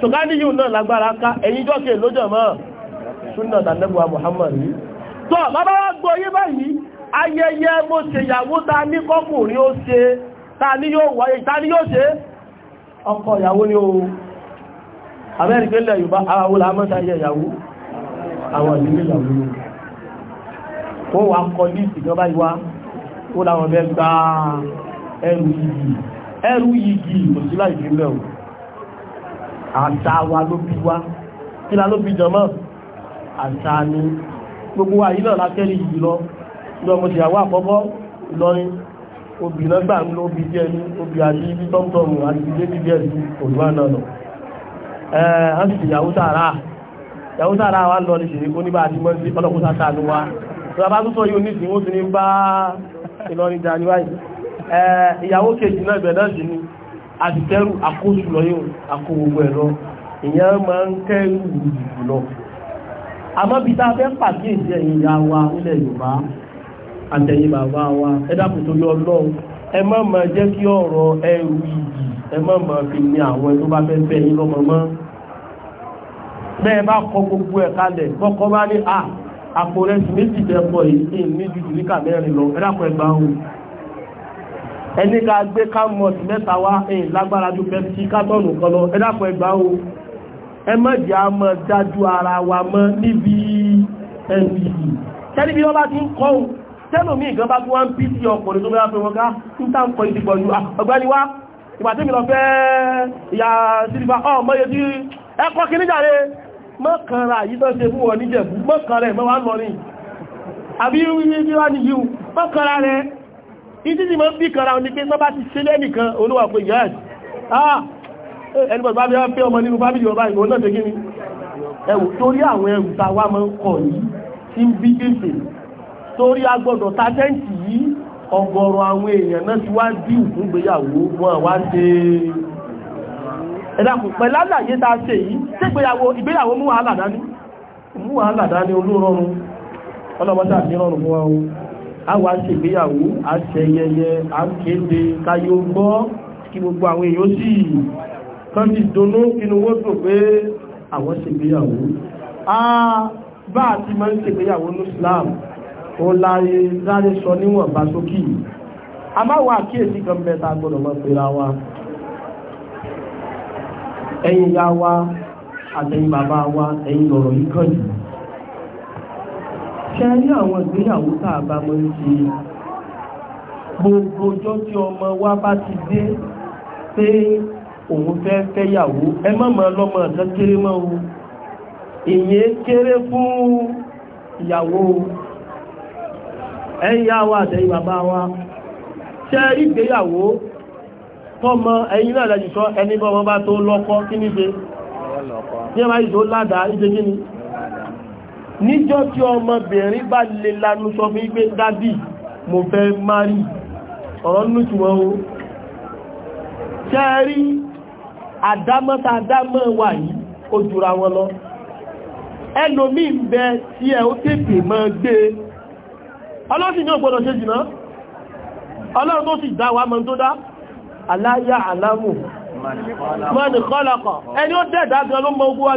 ṣùgbọ́n yìí náà lágbára ká ẹ̀yìn jọ́kẹ̀ lójọ̀ mọ́ ṣúnà tàbíwá Muhammad yìí tọ́ bàbá wá gbọ́ yí báyìí ayẹyẹ mo ṣe ìyàwó ta ní kọkùnrin ó ṣe ta ní yóò wáyé ta ní yóò ṣe ọkọ ìyàwó ni o amẹ́rìkẹ́lẹ̀ Yorùbá ara wo làá mọ́ta yẹ ìyàwó àwọn ìdílé ìyàwó ni wọ́n wá ẹrù yìí kò sí láì fi àṣà wa ló bí wá kí la ló bí jọmọ́ àṣà ni gbogbo wa yìí náà lákẹ́rì yìí lọ lọ mo ṣèyàwó àkọ́kọ́ lọrin obì náà gbà ń lọ obì díẹ̀ ní obì àti ibi tọ́mtọ́mù àti ibi débi díẹ̀ sí òdúwà náà lọ ẹ̀ẹ́ á sì ṣèyàwó sàárà ìyàwó sára wa lọ lè ṣe oníbà àti mọ́ sí ọlọ́kúsá sáàlú wa tó bá tó sọ yíò kejì náà ìbẹ̀dẹ̀ sí ni àtìtẹ́rù àkóṣù lọ́yìn àkó gbogbo ẹ̀rọ ìyẹn máa ń kẹ́rù ìdìbò lọ àmọ́ bí tá a fẹ́ pàkíyèsí ẹ̀yin ìyá wa nílẹ̀ Yorùbá àtẹ̀yìn bàbá wa ẹ dákun torí Ọlọ́run ẹ má máa jẹ́ kí ọ̀rọ̀ ẹrù ìyì ẹ má máa fi ní àwọn tó bá fẹ́ fẹ́ yín lọ́mọ mọ́ bẹ́ẹ̀ bá kọ gbogbo ẹ̀ kalẹ̀ kọ́kọ́ bá ní à àpò rẹ̀ sì méjì tẹ́ pọ̀ yìí ní ju ẹni ká gbé kámọ̀t mẹ́ta wá ẹ̀yìn lágbára ju pẹ́pì kátọ́nù kan lọ ẹ̀dàpọ̀ ẹgbà o ẹ a mọ̀ dájú ara wa mọ́ níbi npc tẹ́lí bí wọ́n bá ti ń kọ́ o tẹ́lómi ìgbọ́n bá tún wá ń pí sí ọkùnrin tó bá wá mi lọ fẹ́ ìyá sílífà ọ mọ́yẹ tí ẹkọ́ kì ní jàre mọ́kànlá yìí tó ṣe fún wọn níjẹ̀bú mọ́kànlá ẹ̀ mọ́ wá lọ ní títí sí máa ń bí kanra ní pé bá ti ṣe lẹ́nìkan olúwa pé yáàjì ah eh, ẹnìbọ̀ bá bí wá pé ọmọ nínú fábílì ọba ìwọ̀n náà tẹ́gí ni torí àwọn ẹrù ta wá máa ń kọ̀ yìí tí ń bí gbèsè torí agbọ́dọ̀ ta tẹ́ǹtì yìí ọgọ́rọ̀ àwọn èèyàn náà ti wá dí ìfún gbéyàwó wá àwa ṣègbéyàwó àṣẹyẹyẹ àkéde káyọ gbọ́ kí gbogbo àwọn èèyàn sì tán ti dónú kínú wó tó pé àwọn ṣègbéyàwó bá àti máa ń ṣègbéyàwó ní Islam ó láyé láyé sọ níwọ̀n bá sókì a máa wà kíyèsí kan mẹ́ta gbọ́dọ̀ mọ́ pera wa ẹ̀yin ya wa àtẹ̀yin bàbá wa ẹ̀yin lọ̀rọ̀ yìí kàn jù ṣe rí àwọn ìgbéyàwó tá a bá mọ́ ń ṣe gbogbo ọjọ́ tí ọmọ wa bá ti dé pé òun fẹ́ fẹ́yàwó ẹ má mọ́ lọ́mọ ọ̀dọ́ kéré mọ́ o ìyẹn kéré fún ìyàwó ẹ̀yà wa àtẹ̀yìn bàbá wa ṣe rí ìgbéyàwó tọ́mọ ẹ̀yìn náà lẹ́jù sọ ẹni bọ́ ọmọ bá tó lọ́kọ kí ní ṣe níjọ́ tí ọmọbìnrin bá lè lanu sọ fún ipé dádì mo fẹ́ mari ọ̀rọ̀ nùtùmọ̀ o ṣẹ́rí àdámọ́ta àdámọ́ wà yìí ó jùra wọn lọ ẹlòmí ń bẹ tí ẹ ó tètè mọ́ gbé ọlọ́sìn ní ọgbọ́dọ̀ ṣe jìnà ọlọ́run tó sì dá wa mọ́ tó dá aláyà alámù mọ́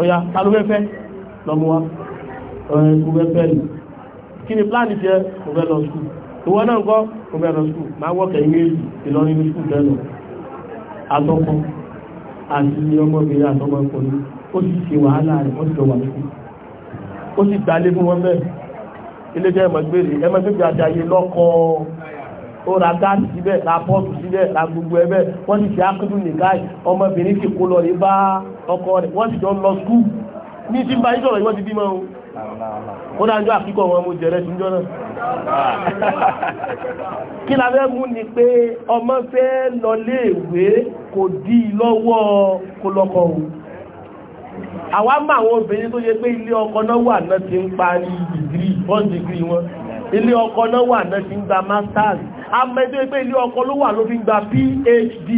ọ̀yà alúfẹ́fẹ́ lọ́mọ́wá ọ̀rẹ́ ìgbẹ́fẹ́ ni kí ni pláàni jẹ́ ọ̀fẹ́ lọ skúl ìwọ náà kọ́ ọ̀fẹ́ lọ skúl máa wọ́kẹ̀ ìmẹ́jì Ìlọrin ní skúl tẹ́lọ atọ́kọ́ àti ọmọbìnrin àtọmọkùnrin ó sì ṣe wàhálà rẹ̀ wọ́n jọ wà skúl ó sì gbalé fún wọn bẹ́ẹ̀ ilé jẹ́ ẹmọ gbére ẹmọ gbére àdáyé lọ́kọ̀ọ́ ó ra gáàsì síbẹ̀ ra pọ́ọ̀tù síbẹ̀ ra gbogbo ẹ̀ bẹ́ẹ̀ wọ́n ti ṣe ákúndù nìkan ọmọbìnrin sì kó lọ rí bá ọkọ rẹ̀ wọ́n sì jọ lọ skul ní tí bá yín ìwọ́n ti bímọ o ó dájọ́ àkíkọ̀ wọn mo jẹ̀rẹ̀ sí jọ́nà kí la fẹ́ mú ni pé ọmọ fẹ́ lọ léèwé kò dí lọ́wọ́ kó lọ́kọ o àwa mọ àwọn obìnrin tó yẹ pé ilé ọkọ náà wà náà ti ń parí dìgírì one degree wọn ilé ọkọ náà wà náà fi ń gba masters amẹ́jọ́ ilé ọkọ ló wà ló fi ń gba phd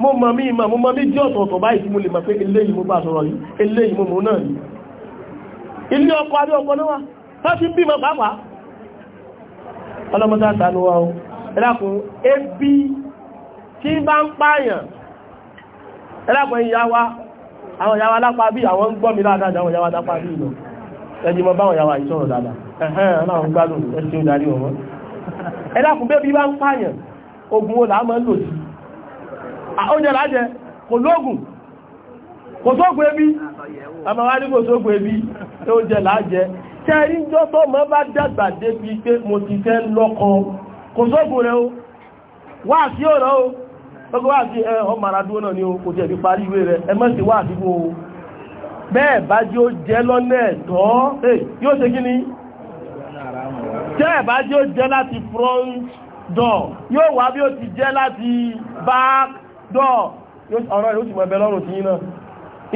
mo mọ̀ mí ìmọ̀ mo mọ̀ mí jí ọ̀tọ̀ọ̀tọ̀ báyìí tí mo lè mọ̀ pé eléyìí mo bá sọ̀rọ̀ yìí eléyìí mo mọ̀ náà yìí ilé ọkọ adé ọkọ náà wà láti bímọ pàápàá ọlọ́mọdá tàánú wa o ẹlákùn ebi tí bá ń pààyàn ẹlákùn ìyáwá àwọn ìyáwá lápá bí àwọn ń gbọ́ mi dáadáa àwọn ìyáwá lápá bí ìlọ ẹjìmọ̀ báwọn ìyáwá ìṣọ́rọ̀ dáadáa ẹ̀hẹ́n ọlọ́run gbádùn ẹ̀ṣẹ́ ìdarí ọmọ ẹlákùn bẹ́bí bá ń pààyàn ogun ó láàmọ́ lò sí oúnjẹ lájẹ kò lóògùn kò sóògùn ebi àmà kò ebi tó jẹ tẹ́rí jọ mọ́ bá dàgbà pé mo ti fẹ́ lọ́kọ o o bẹ́ẹ̀ bá jí ó jẹ́ lọ́nà tẹ́ ẹ̀ bá jẹ́ ó jẹ́ láti front door yóò wá bí ó ti jẹ́ láti back door ọ̀rọ̀ yóò sì mọ̀ ẹ̀bẹ̀ lọ́rùn tí náà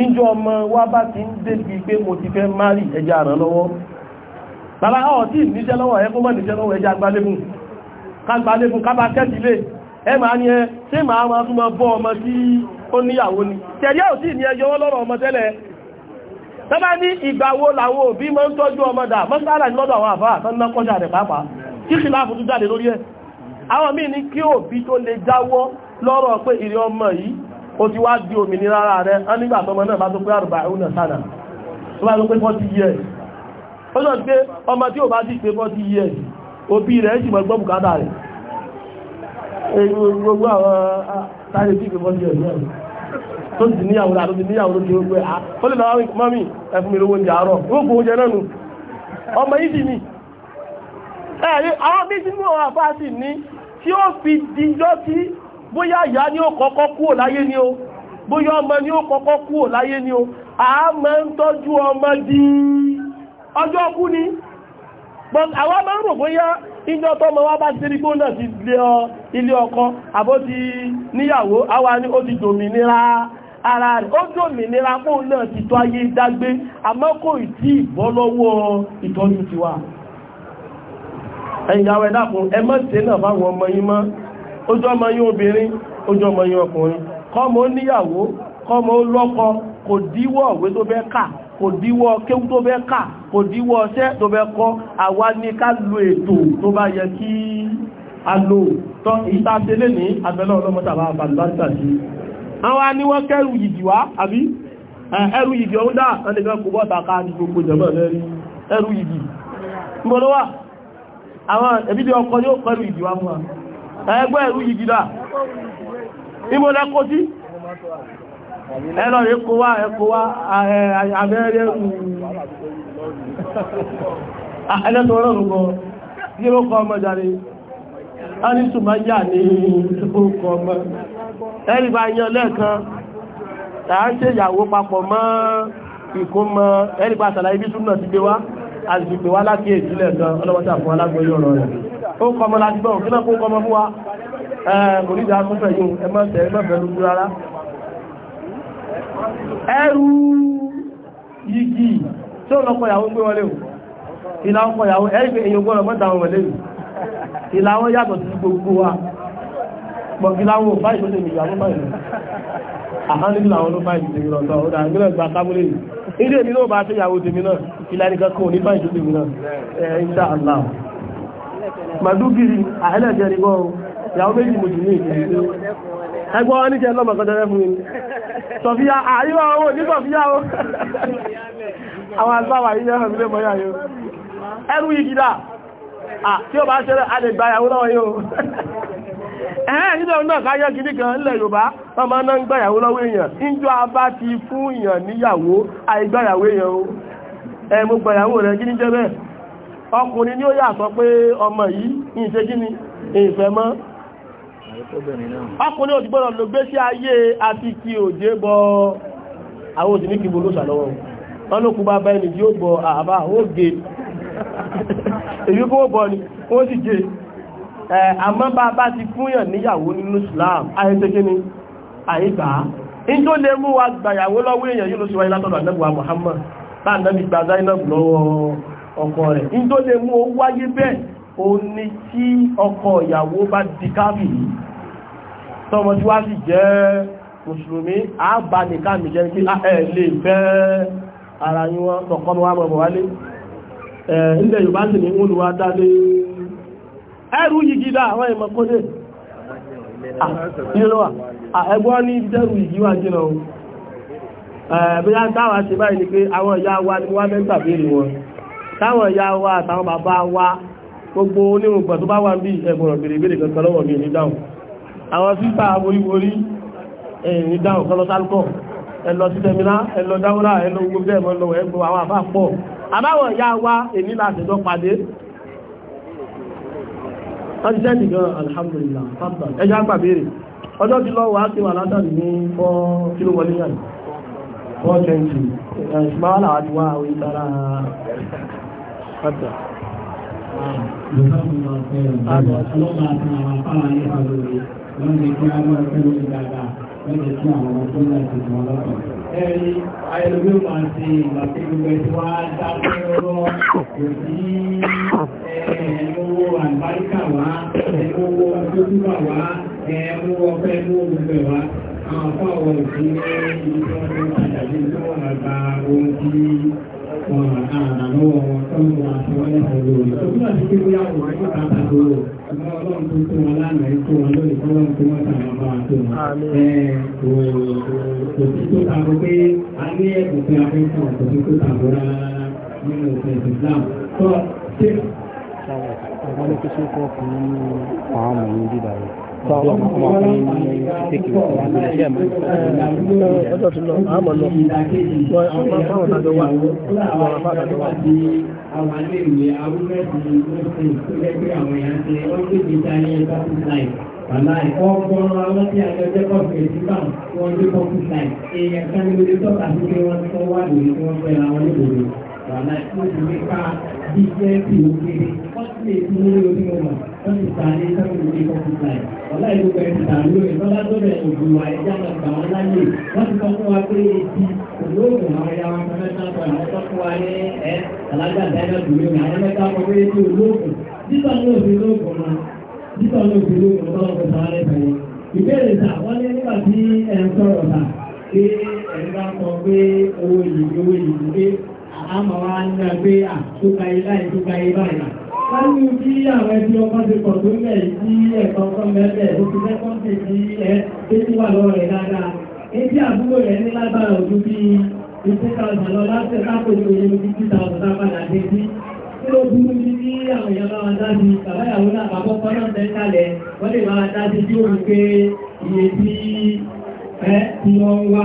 ìjọ ọmọ wa bá ti ń débi pé mo ti fẹ́ márì ẹja ràn lọ́wọ́ bàbá ọ̀ tí níṣẹ́ lọ́wọ́ ẹ kó mọ̀ níṣẹ́ lọ́wọ́ ẹja gbálébùn kágbálébùn kábà kẹ́tìlé ẹ máa ní ẹ ṣé màá máa tún máa bọ́ ọmọ tí ó níyàwó ni tẹ̀lé ò sí ní ẹjọ́ lọ́rọ̀ ọmọ tẹ́lẹ̀ tọ́bá ní ìgbàwó làwó òbí mọ́ ń tọ́jú ọmọdà mọ́sálà ní lọ́dọ̀ àwọn àfáà tán ná kọ́ṣà rẹ̀ pàápàá kí sì láàfù tó jáde lórí ẹ̀ àwọn míì ní kí òbí tó lè jáwọ́ lọ́rọ̀ pé ìrẹ́ ọmọ yìí ó ti wá di òmìnira ara rẹ̀ á nígbà tọmọ náà bá tó pé àrùbà ìhùnà sánà tó bá tó pé 40 years ó sọ pé ọmọ tí ò bá ti pé 40 years òbí rẹ̀ sì mọ̀ gbọ́ bùkátà rẹ̀ gbogbo àwọn táyé tí pé 40 years náà tó ti níyàwó rẹ̀ àtúntì níyàwó ló ti wọ́n pé ah, ó lè lọ́wọ́ mọ́mí ẹ̀fún mi lówó oúnjẹ náà nù ọmọ yìí dì ẹ̀rí àwọn bí sínú ní tí ó fi tí bóyá ìyá ni ó kọ́kọ́ láyé ni ó ọmọ ni ó kọ́kọ́ láyé ni ó ń tọ́jú ọmọ di ọjọ́ kú ni àwọn ọmọ ń rò bóyá ìjọ tọ́mọ wá bá ti rí gbóná ti ilé ọkọ àbó ti níyàwó àwa ni ó ti dòmìnira ara rẹ̀ ó dùn mí nira pò náà ti tọ́ ayé dágbé àmọ́ kò tí ì bọ́ lọ́wọ́ ìtọ́jú ti wà ẹ̀yàwó ẹ̀dàkùn ẹ mọ́ sí náà fáwọn ọmọ yín mọ́ ojú ọmọ yín obìnrin ojú ọmọ yín ọkùnrin kọ́mọ ó níyàwó kọ́mọ ó lọ́kọ kò díwọ́ òwe tó fẹ́ kà kò díwọ́ kéwú tó fẹ́ kà kò díwọ́ ọṣẹ́ tó fẹ́ kọ́ àwa ní ká lo ètò tó bá yẹ kí a lò tọ́ ìta ṣe ní abẹ́lẹ́ ọlọ́mọ tàbá àbàlùbá àwọn aníwọ́n kẹrù yìí wá àbí ẹrù yìí dáa kò bọ́ta ká ní gbogbo ẹrù yìí àwọn ọkọ̀ yóò pẹ̀lú fún wa ẹgbẹ́ ẹrù yìí dáa sí a ẹ̀rí bá yan lẹ́ẹ̀kan à ń ṣe ìyàwó papọ̀ mọ́ ìkómọ ẹ̀rí bá sàlàyé bí súnmọ̀ ti gbé wá àgbègbè wá láti èdè lẹ́ẹ̀kan ọlọ́wọ́ta fún alágbóyè ọ̀rọ̀ rẹ̀ ó kọmọ láti gbọ́n kí náà kó kọmọ fún wa kò ní ìjà fún fẹ̀yìn ẹ má tẹ̀ ẹ má fẹ́ lójú rárá ẹrù yìí tí ó lọ́pọ̀ ìyàwó gbé wọlé o ìlà ọkọ̀ ìyàwó ẹ̀rí pé èyàn gbọ́rọ̀ mọ́ta wọn wọlé ìlà wọn yàtọ̀ sí gbogbo wa pọ̀gíláwò báyìí ló lè mìí àwọn báyìí àmá nínú àwọn ló báyìí tèmi lọ sọ ọ̀dà ìgbìlẹ̀ gba kábúlé yìí ilé mi náà bá ṣe ìyàwó tèmi náà ìlà nìkan kan ní báyìí tó tèmi náà ẹ̀ insha Allah màdúgìrì àẹ́lẹ̀jẹ̀ ni wọ́n ìyàwó méjì mo jù ní ìlú ẹgbọ́n wọn níjẹ́ lọ́mọ kan tẹ́lẹ̀ fún mi sọfíà àyíwá owó ní sọfíà ó àwọn àgbáwà yìí yẹ́rọ sílé mọ́ yáyó ẹrù yìí gidà tí ó bá ṣẹlẹ̀ a lè gba ìyàwó náà yóò ẹ̀ẹ́ nílẹ̀ náà káyọ́ kìdí kan ńlẹ̀ Yorùbá wọ́n máa ń gbàyàwó lọ́wọ́ èèyàn níjọ́ abá ti fún èèyàn níyàwó àìgbàyàwó èèyàn o ẹ mo gbàyàwó rẹ̀ kí jẹ́ bẹ́ẹ̀ ọkùnrin ni ó yà sọ pé ọmọ yìí ìṣe ìfẹ́ mọ́ ọkùnrin gbé sí ayé àti kí òjé bọ àwọn ní kí gbogbo sàlọ́wọ́ wọn ló kú bá ni ó ẹ àmọ́ bá bá ti fúnyàn níyàwó nínú Islam àìsèké ni àìgbà ìjọ lè mú wa gbàyàwó lọ́wọ́ èèyàn yìí ló ṣe wáyé látọ̀dọ̀ àdẹ́gbà Muhammad bá àdẹ́bí gba Zainab lọ́wọ́ ọkọ rẹ̀ ìjọ lè mú owó wáyé bẹ́ẹ̀ ó ní tí ọkọ ìyàwó bá di káàbìrì tọmọ tí wá sì jẹ́ mùsùlùmí àbá nìkan mi jẹ́ pé ah, ẹ lè fẹ́ ara yín wọn tọkọ́ mi wá mọ̀ wálé ilẹ̀ Yorùbá sì ní olùwádálé ẹrù yìí gídá àwọn ìmọ̀kódé ah, ìrọwà ah, ẹgbọ́n ní ìdẹ́rù yìí wà jìnà ohun eh, ẹ̀bíyá táwà ṣe báyìí ni pé àwọn ìyá wa ni wọ́n mẹ́ta béèrè wọn táwọn ìyá wa àtàwọn bàbá wa gbogbo onírùngbà tó bá wà ń bí ẹgbọ̀n bèrèbèrè kankan lọ́wọ́ mi ní dáhùn àwọn sísà aboríborí ní dáhùn kọlọ sálùkọ ẹlọ sí tẹmílá ẹlọ dáwọlá ẹlọ gbogbo ẹmọ lọ́wọ́ ẹgbọ àwọn àfáà pọ̀ àbáwọn ìyá wa èní láti jọ pàdé láti sẹ́ẹ̀tì gan alhamdulillah fábà ẹjá gbà béèrè ọjọ́ ti lọ wà á ti wà látàrí ní 4 kilo wọlé yàn 420 ìṣùgbọ́n làwà ti nílẹ̀ tí àwọn ọmọ tó náà ti wọn lọ́pọ̀. ẹni ayẹlẹ́gbẹ́ máa ti ìgbà gbogbo ẹ̀tí wá wá ẹ̀ẹ́mọ́wọ́ àràmọ́ ọmọ àti wọlé àìlú rẹ̀. Òkú àti pé bóyá wọ́n ní kàtà tó rò, ọmọ ọlọ́run tó tó wọn lánàá ikú àwọn ẹ̀kọ́ gbọ́nrọ́ àwọn tí àjọ jẹ́ kọ̀ọ̀fẹ́ sí bá wọn dé kọ́kú láì èèyàn kan ní orí tọ́ka sí pé wọ́n ti kọ́ wà lórí tí wọ́n fẹ́ ra wàhálà ìtọ́jú nípa jíjẹ́ ti òkèèrè wọ́n ti lè fún lórí orí ọmọ wọ́n ti ta ní sẹ́wọ̀n ní kọ́kú láì wàhálà ìlú bẹ̀rẹ̀ ti tà lórí ìfọ́lájọ́bẹ̀ ògùn wa ẹ̀já lọ gbà wọ́n wọ́n ti sọ fún wa pé etí olóògùn àwọn ẹ̀yà wọn fẹ́ẹ́ náà àwọn tó fún wa ní ẹ̀ alájà dáná dùn lórí àwọn ẹ̀mẹ́ta kọ pé etí olóògùn títọ́ ní òfin náà títọ́ àmọ̀ wa ń gbà pé àtúkà ilá ìtúkà ilá ìlà. Láti kí àwọn ẹbí ọkọ̀ ti pọ̀ tó mẹ́ sí ẹ̀kọ́ kan mẹ́fẹ̀ tó ti fẹ́kọ́ sí sí ẹ tó wà lọ́wọ́ rẹ̀ dáadáa. Etí àbúrò rẹ̀ ní lágbára òjú bí i two thousand lọ láti lápò ní oye ní two padà dé sí. Tí ó burú ní kí àwọn èèyàn bàbá ìyàwó náà bàbá ọkọ náà tẹ́ kalẹ̀ wọ́n lè máa dá tí ó rí pé iye tí ẹ ti wọ́n wá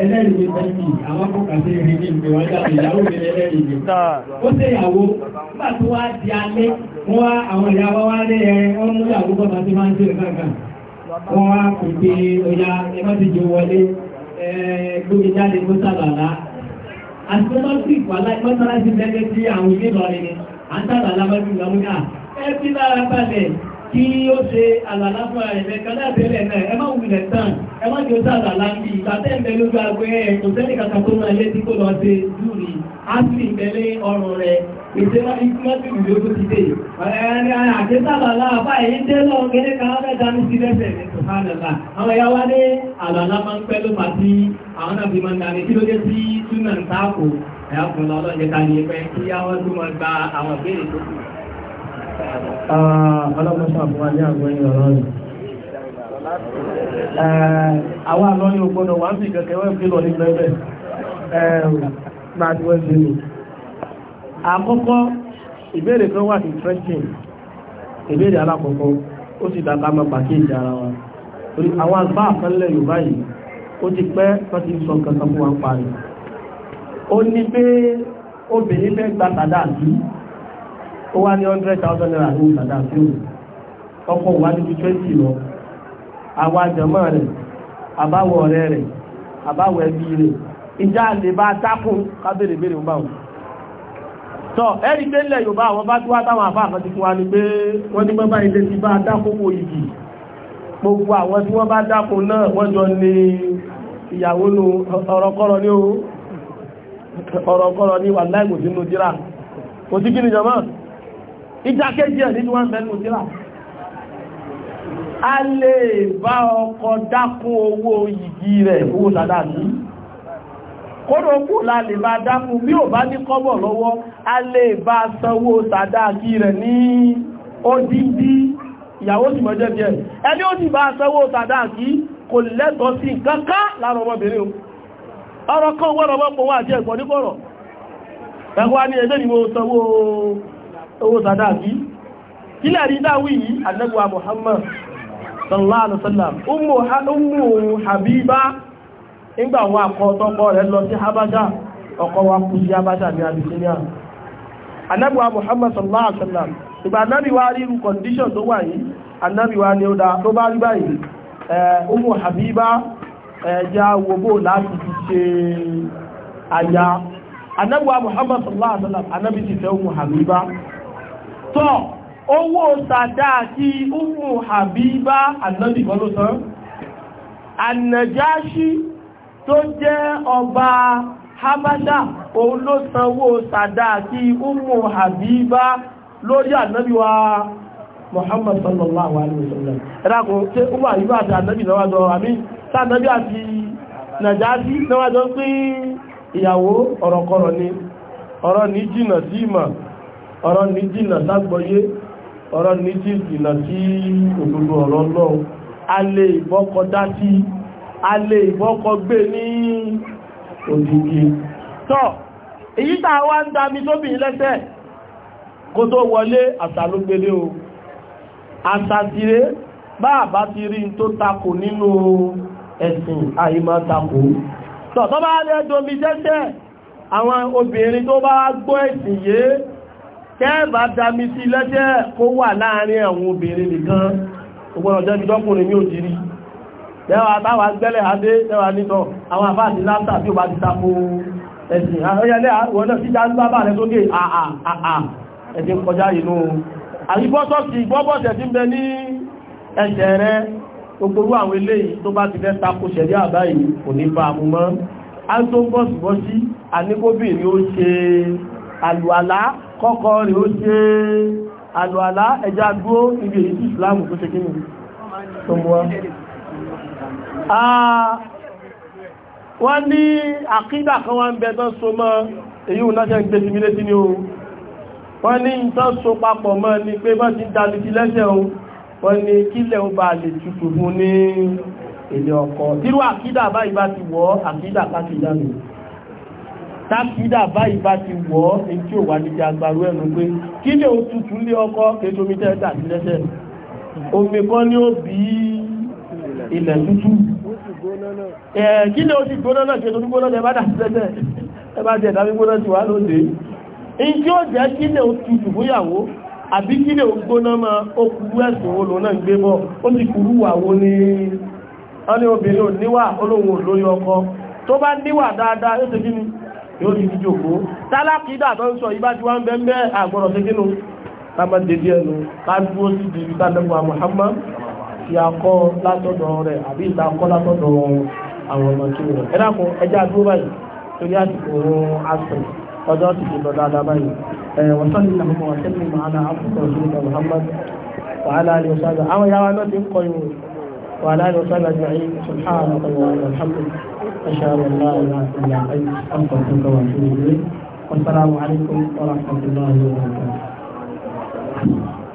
ẹlẹ́rìí tẹ́lì alákọ̀ọ́kàtẹ́ ìrìnlẹ̀ ìgbèwájá ìyàwó ẹlẹ́rìí ó tẹ́ ìyàwó nígbà tó wá di alẹ́ wọ́n wá àwọn ìyàwó wá lé ẹ wọ́n mú ìyàwó bọ́ta tí máa ń jẹ́ ìgbàgbà wọ́n wá kò pé ọya ẹmọ́dìjọ wọlé gbómi jáde tó sàbàlá àti tó lọ́sí ìpàlá ìpọ́sára sí lẹ́gbẹ́ sí àwọn ilé lọ́rin ni àtàbàlá bá ti lọ́mú náà ẹ kí ó ṣe àlàlá fún ààrẹ mẹ́ka láàbẹ̀lẹ̀ náà ẹ má wùlẹ̀ tán ẹ má kí ó sàlàlá ní ìtàtẹ́ ìbẹ̀ lójú agbẹ́ ẹ̀ kò sẹ́ni kàkà tó máa lé tí kò lọ ṣe júùrì á sì ìbẹ̀lẹ̀ ọrùn rẹ̀ ìṣẹ́wá ìfúnmọ́sí ìlú ó ti dé àkẹ́sàlàlá àbá èyí dé lọ gẹ́gẹ́ ká mẹ́ta ní sí lẹ́sẹ̀ ní sọ̀hánàlá àwọn ẹ̀yà wá ní àlàlá máa ń pẹ́ ló máa tí àwọn náà fi máa ń darí kí ló dé sí túnà ń táàkù ẹ̀yà fún lọ́lọ́ Ah, ọlọ́pọ̀ṣọ́ àbúwá ní àgbọ́yìn ọ̀rọ̀ rẹ̀ eh, àwọn àlọ́yìn ògbọ́dọ̀ wà ń fi kẹ̀kẹ́ wẹ́ fi lọ ní gbẹ́gbẹ́ láti eh, wẹ́ sí mi àkọ́kọ́ ìbéèrè kan wà interesting ìbéèrè alákọ̀ọ́kọ́ ó sì dáká máa pàkíyèsí ara wa torí àwọn àgbà àkọlẹ̀ Yorùbá yìí ó ti pẹ́ tó ti sọ nǹkan kan fún wa ń parí ó ní pé obìnrin fẹ́ ó wá ní hundred thousand naira ní ìsàdá sí òun ọkọ̀ wá níbi twenty lọ àwọn àjọmọ́ rẹ̀ àbáwọ̀ ọ̀rẹ́ rẹ̀ àbáwọ̀ ẹbí rẹ̀ ìjà lè bá tákùn kábèrè bèrè ń bá wọn tọ́ ẹ̀rí pé ilẹ̀ Yorùbá àwọn bá tí wá táwọn àfáà kan ti fún wa ní pé wọ́n ní bọ́bá ilé ti bá dákòókò ìgì gbogbo àwọn tí wọ́n bá dákò náà wọ́n jọ ní ìyàwó nù ọ̀rọ̀kọ́rọ̀ ní ọ̀rọ̀kọ́rọ̀ ní wà láìkò sínú jíra kò sí kí ni jọmọ́ ìdákéjì ẹ̀ nínú wọn mẹ́nu sílá a lè bá ọkọ dákún owó yìí rẹ̀ owó dada ní kódò la lè bá dákún bí ò bá ní kọ́bọ̀ lọ́wọ́ a lè bá sanwó sàdáàkì rẹ̀ ní odindi ìyàwó sì mọ́jẹ́ bí ẹ̀ ẹni ó sì bá sanwó kò sí kankan owó sàdáàkì kí láàrin dáwí yìí annabuwa muhammad sallallahu alaihi wasallam ummu habiba ìgbà wọn akọ tọ́kọ rẹ̀ lọ sí habasha ọkọ wa kú sí habasha ní abyssinia annabuwa muhammad sallallahu alaihi wasallam ìgbà annabiwa rí irú condition tó wà yìí annabiwa ni ó dá tó bá rí báyìí ummu habiba ẹja wobó láti fi ṣe àyà annabuwa muhammad sallallahu alaihi wasallam annabi ti fẹ́ ummu habiba tọ́ owó sàdá àti umu habiba annabi kọlọ́sán annajashi tó jẹ́ ọba habasha òun ló sanwó sàdá àti umu habiba lórí wa sallallahu alaihi wasallam ẹ̀dàkùn tí umu habiba pín ìyàwó ọ̀rọ̀kọ̀rọ̀ ni ọ̀rọ̀ ní jìnà sí ìmọ̀ ọ̀rọ̀ ní jìnà ságbọ́yé ọ̀rọ̀ ní tí jìnà sí òdodo ọ̀rọ̀ náà a lè ìbọ́kọ dá a lè ìbọ́kọ gbé ní òdìgí tọ́ èyí tàà wá ń dámi tóbi lẹ́sẹ̀ kó tó wọlé àtàlógbélé o àtàtìrẹ bá àbá ti rí tó takò nínú ẹ̀sìn àìmá takò tọ́ tọ́ bá rẹ̀ domi jẹ́sẹ̀ àwọn obìnrin tó bá gbọ́ ẹ̀sìn yìí tẹ́ẹ̀bà dámi sí lẹ́jẹ́ kó wà láàrin àwọn obìnrin nìkan ọgbọ̀nà jẹ́ ìjọkùnrin ní òjìrí tẹ́wà táwà gbẹ́lẹ̀ adé tẹ́wà nítọ̀ àwọn àbá àti láńtà tí ó bá ti tapo ẹ̀sìn àyẹlẹ́ àwọn náà sí dáńgbà bá rẹ̀ sókè àà ẹ̀sìn kọjá inú àríbọ́sọ́sì gbọ́bọ̀sẹ̀ tí ń bẹ ní ẹ̀ṣẹ̀ rẹ gbogbo àwọn eléyìí tó bá ti fẹ́ tapo ṣẹ̀rí kọ́kọ́ rẹ̀ ó ṣe àlùwàlá ẹja dúó níbi èyí tí ìsìláàmù tó ṣe kínú tó mú wá wọ́n ní àkídà kan wá ń bẹ tán so mọ́ èyí ò náṣẹ́ ń gbé sí mílé sí o wọ́n ní tán so papọ̀ mọ́ ni pé bá ti dalì sí lẹ́sẹ̀ o wọ́n ní kílẹ̀ ó bá lè tutù fún ní èdè ọkọ̀ tírú àkídà báyìí bá ti wọ́ àkídà kákìdà tápídà báyìí bá ti wọ́ etí ò wà níbi agbárú ẹnu pé kí lè ó tutù lé ọkọ kéjì omi tẹ́ẹ̀tà sí lẹ́sẹ̀ omi kan ní ó bí ilẹ̀ tútù kí lè ó ti gbóná náà kéjì omi gbóná lẹ́bàdà sí lẹ́sẹ̀ ẹbá jẹ́ ìdámi gbóná ti wà lóde in tí ó jẹ́ kí lè ó tutù fúyàwó àbí kí lè ó gbóná ma ó kúrú ẹ̀sùn wo náà gbé bọ́ ó ti kúrú wà ní wọ́n tó bá níwà dáadáa ó ti kí ni yóò rí ìdí jòkó tálákìdá tó ń sọ ibá tí wọ́n bẹ́ẹ̀ àgbọ̀rọ̀ sí kínú lábá dédé ẹnu láàdúró sí ibi ìtàlẹ́gbà Muhammad ti akọ́ látọ̀dọ̀ rẹ̀ àbí ìtàkọ́ látọ̀dọ̀ àwọn ọmọ tí rẹ̀ ẹ dákun ẹjá dúró báyìí torí àsìkò oorun asẹ̀ ọjọ́ ti fi lọ dáadáa báyìí wọ́n sọ́ni ìlànà wọn sẹ́ni màánà àfúkọ̀ sí Muhammad wàhálà àlè ọ̀sán àwọn ìyáwá náà ti ń kọ ìwọ̀n وعلى آله وصحبه أجمعين سبحانك اللهم وبحمدك أشهد أن لا إله إلا أنت أستغفرك وأتوب إليك والسلام عليكم ورحمة الله وبركاته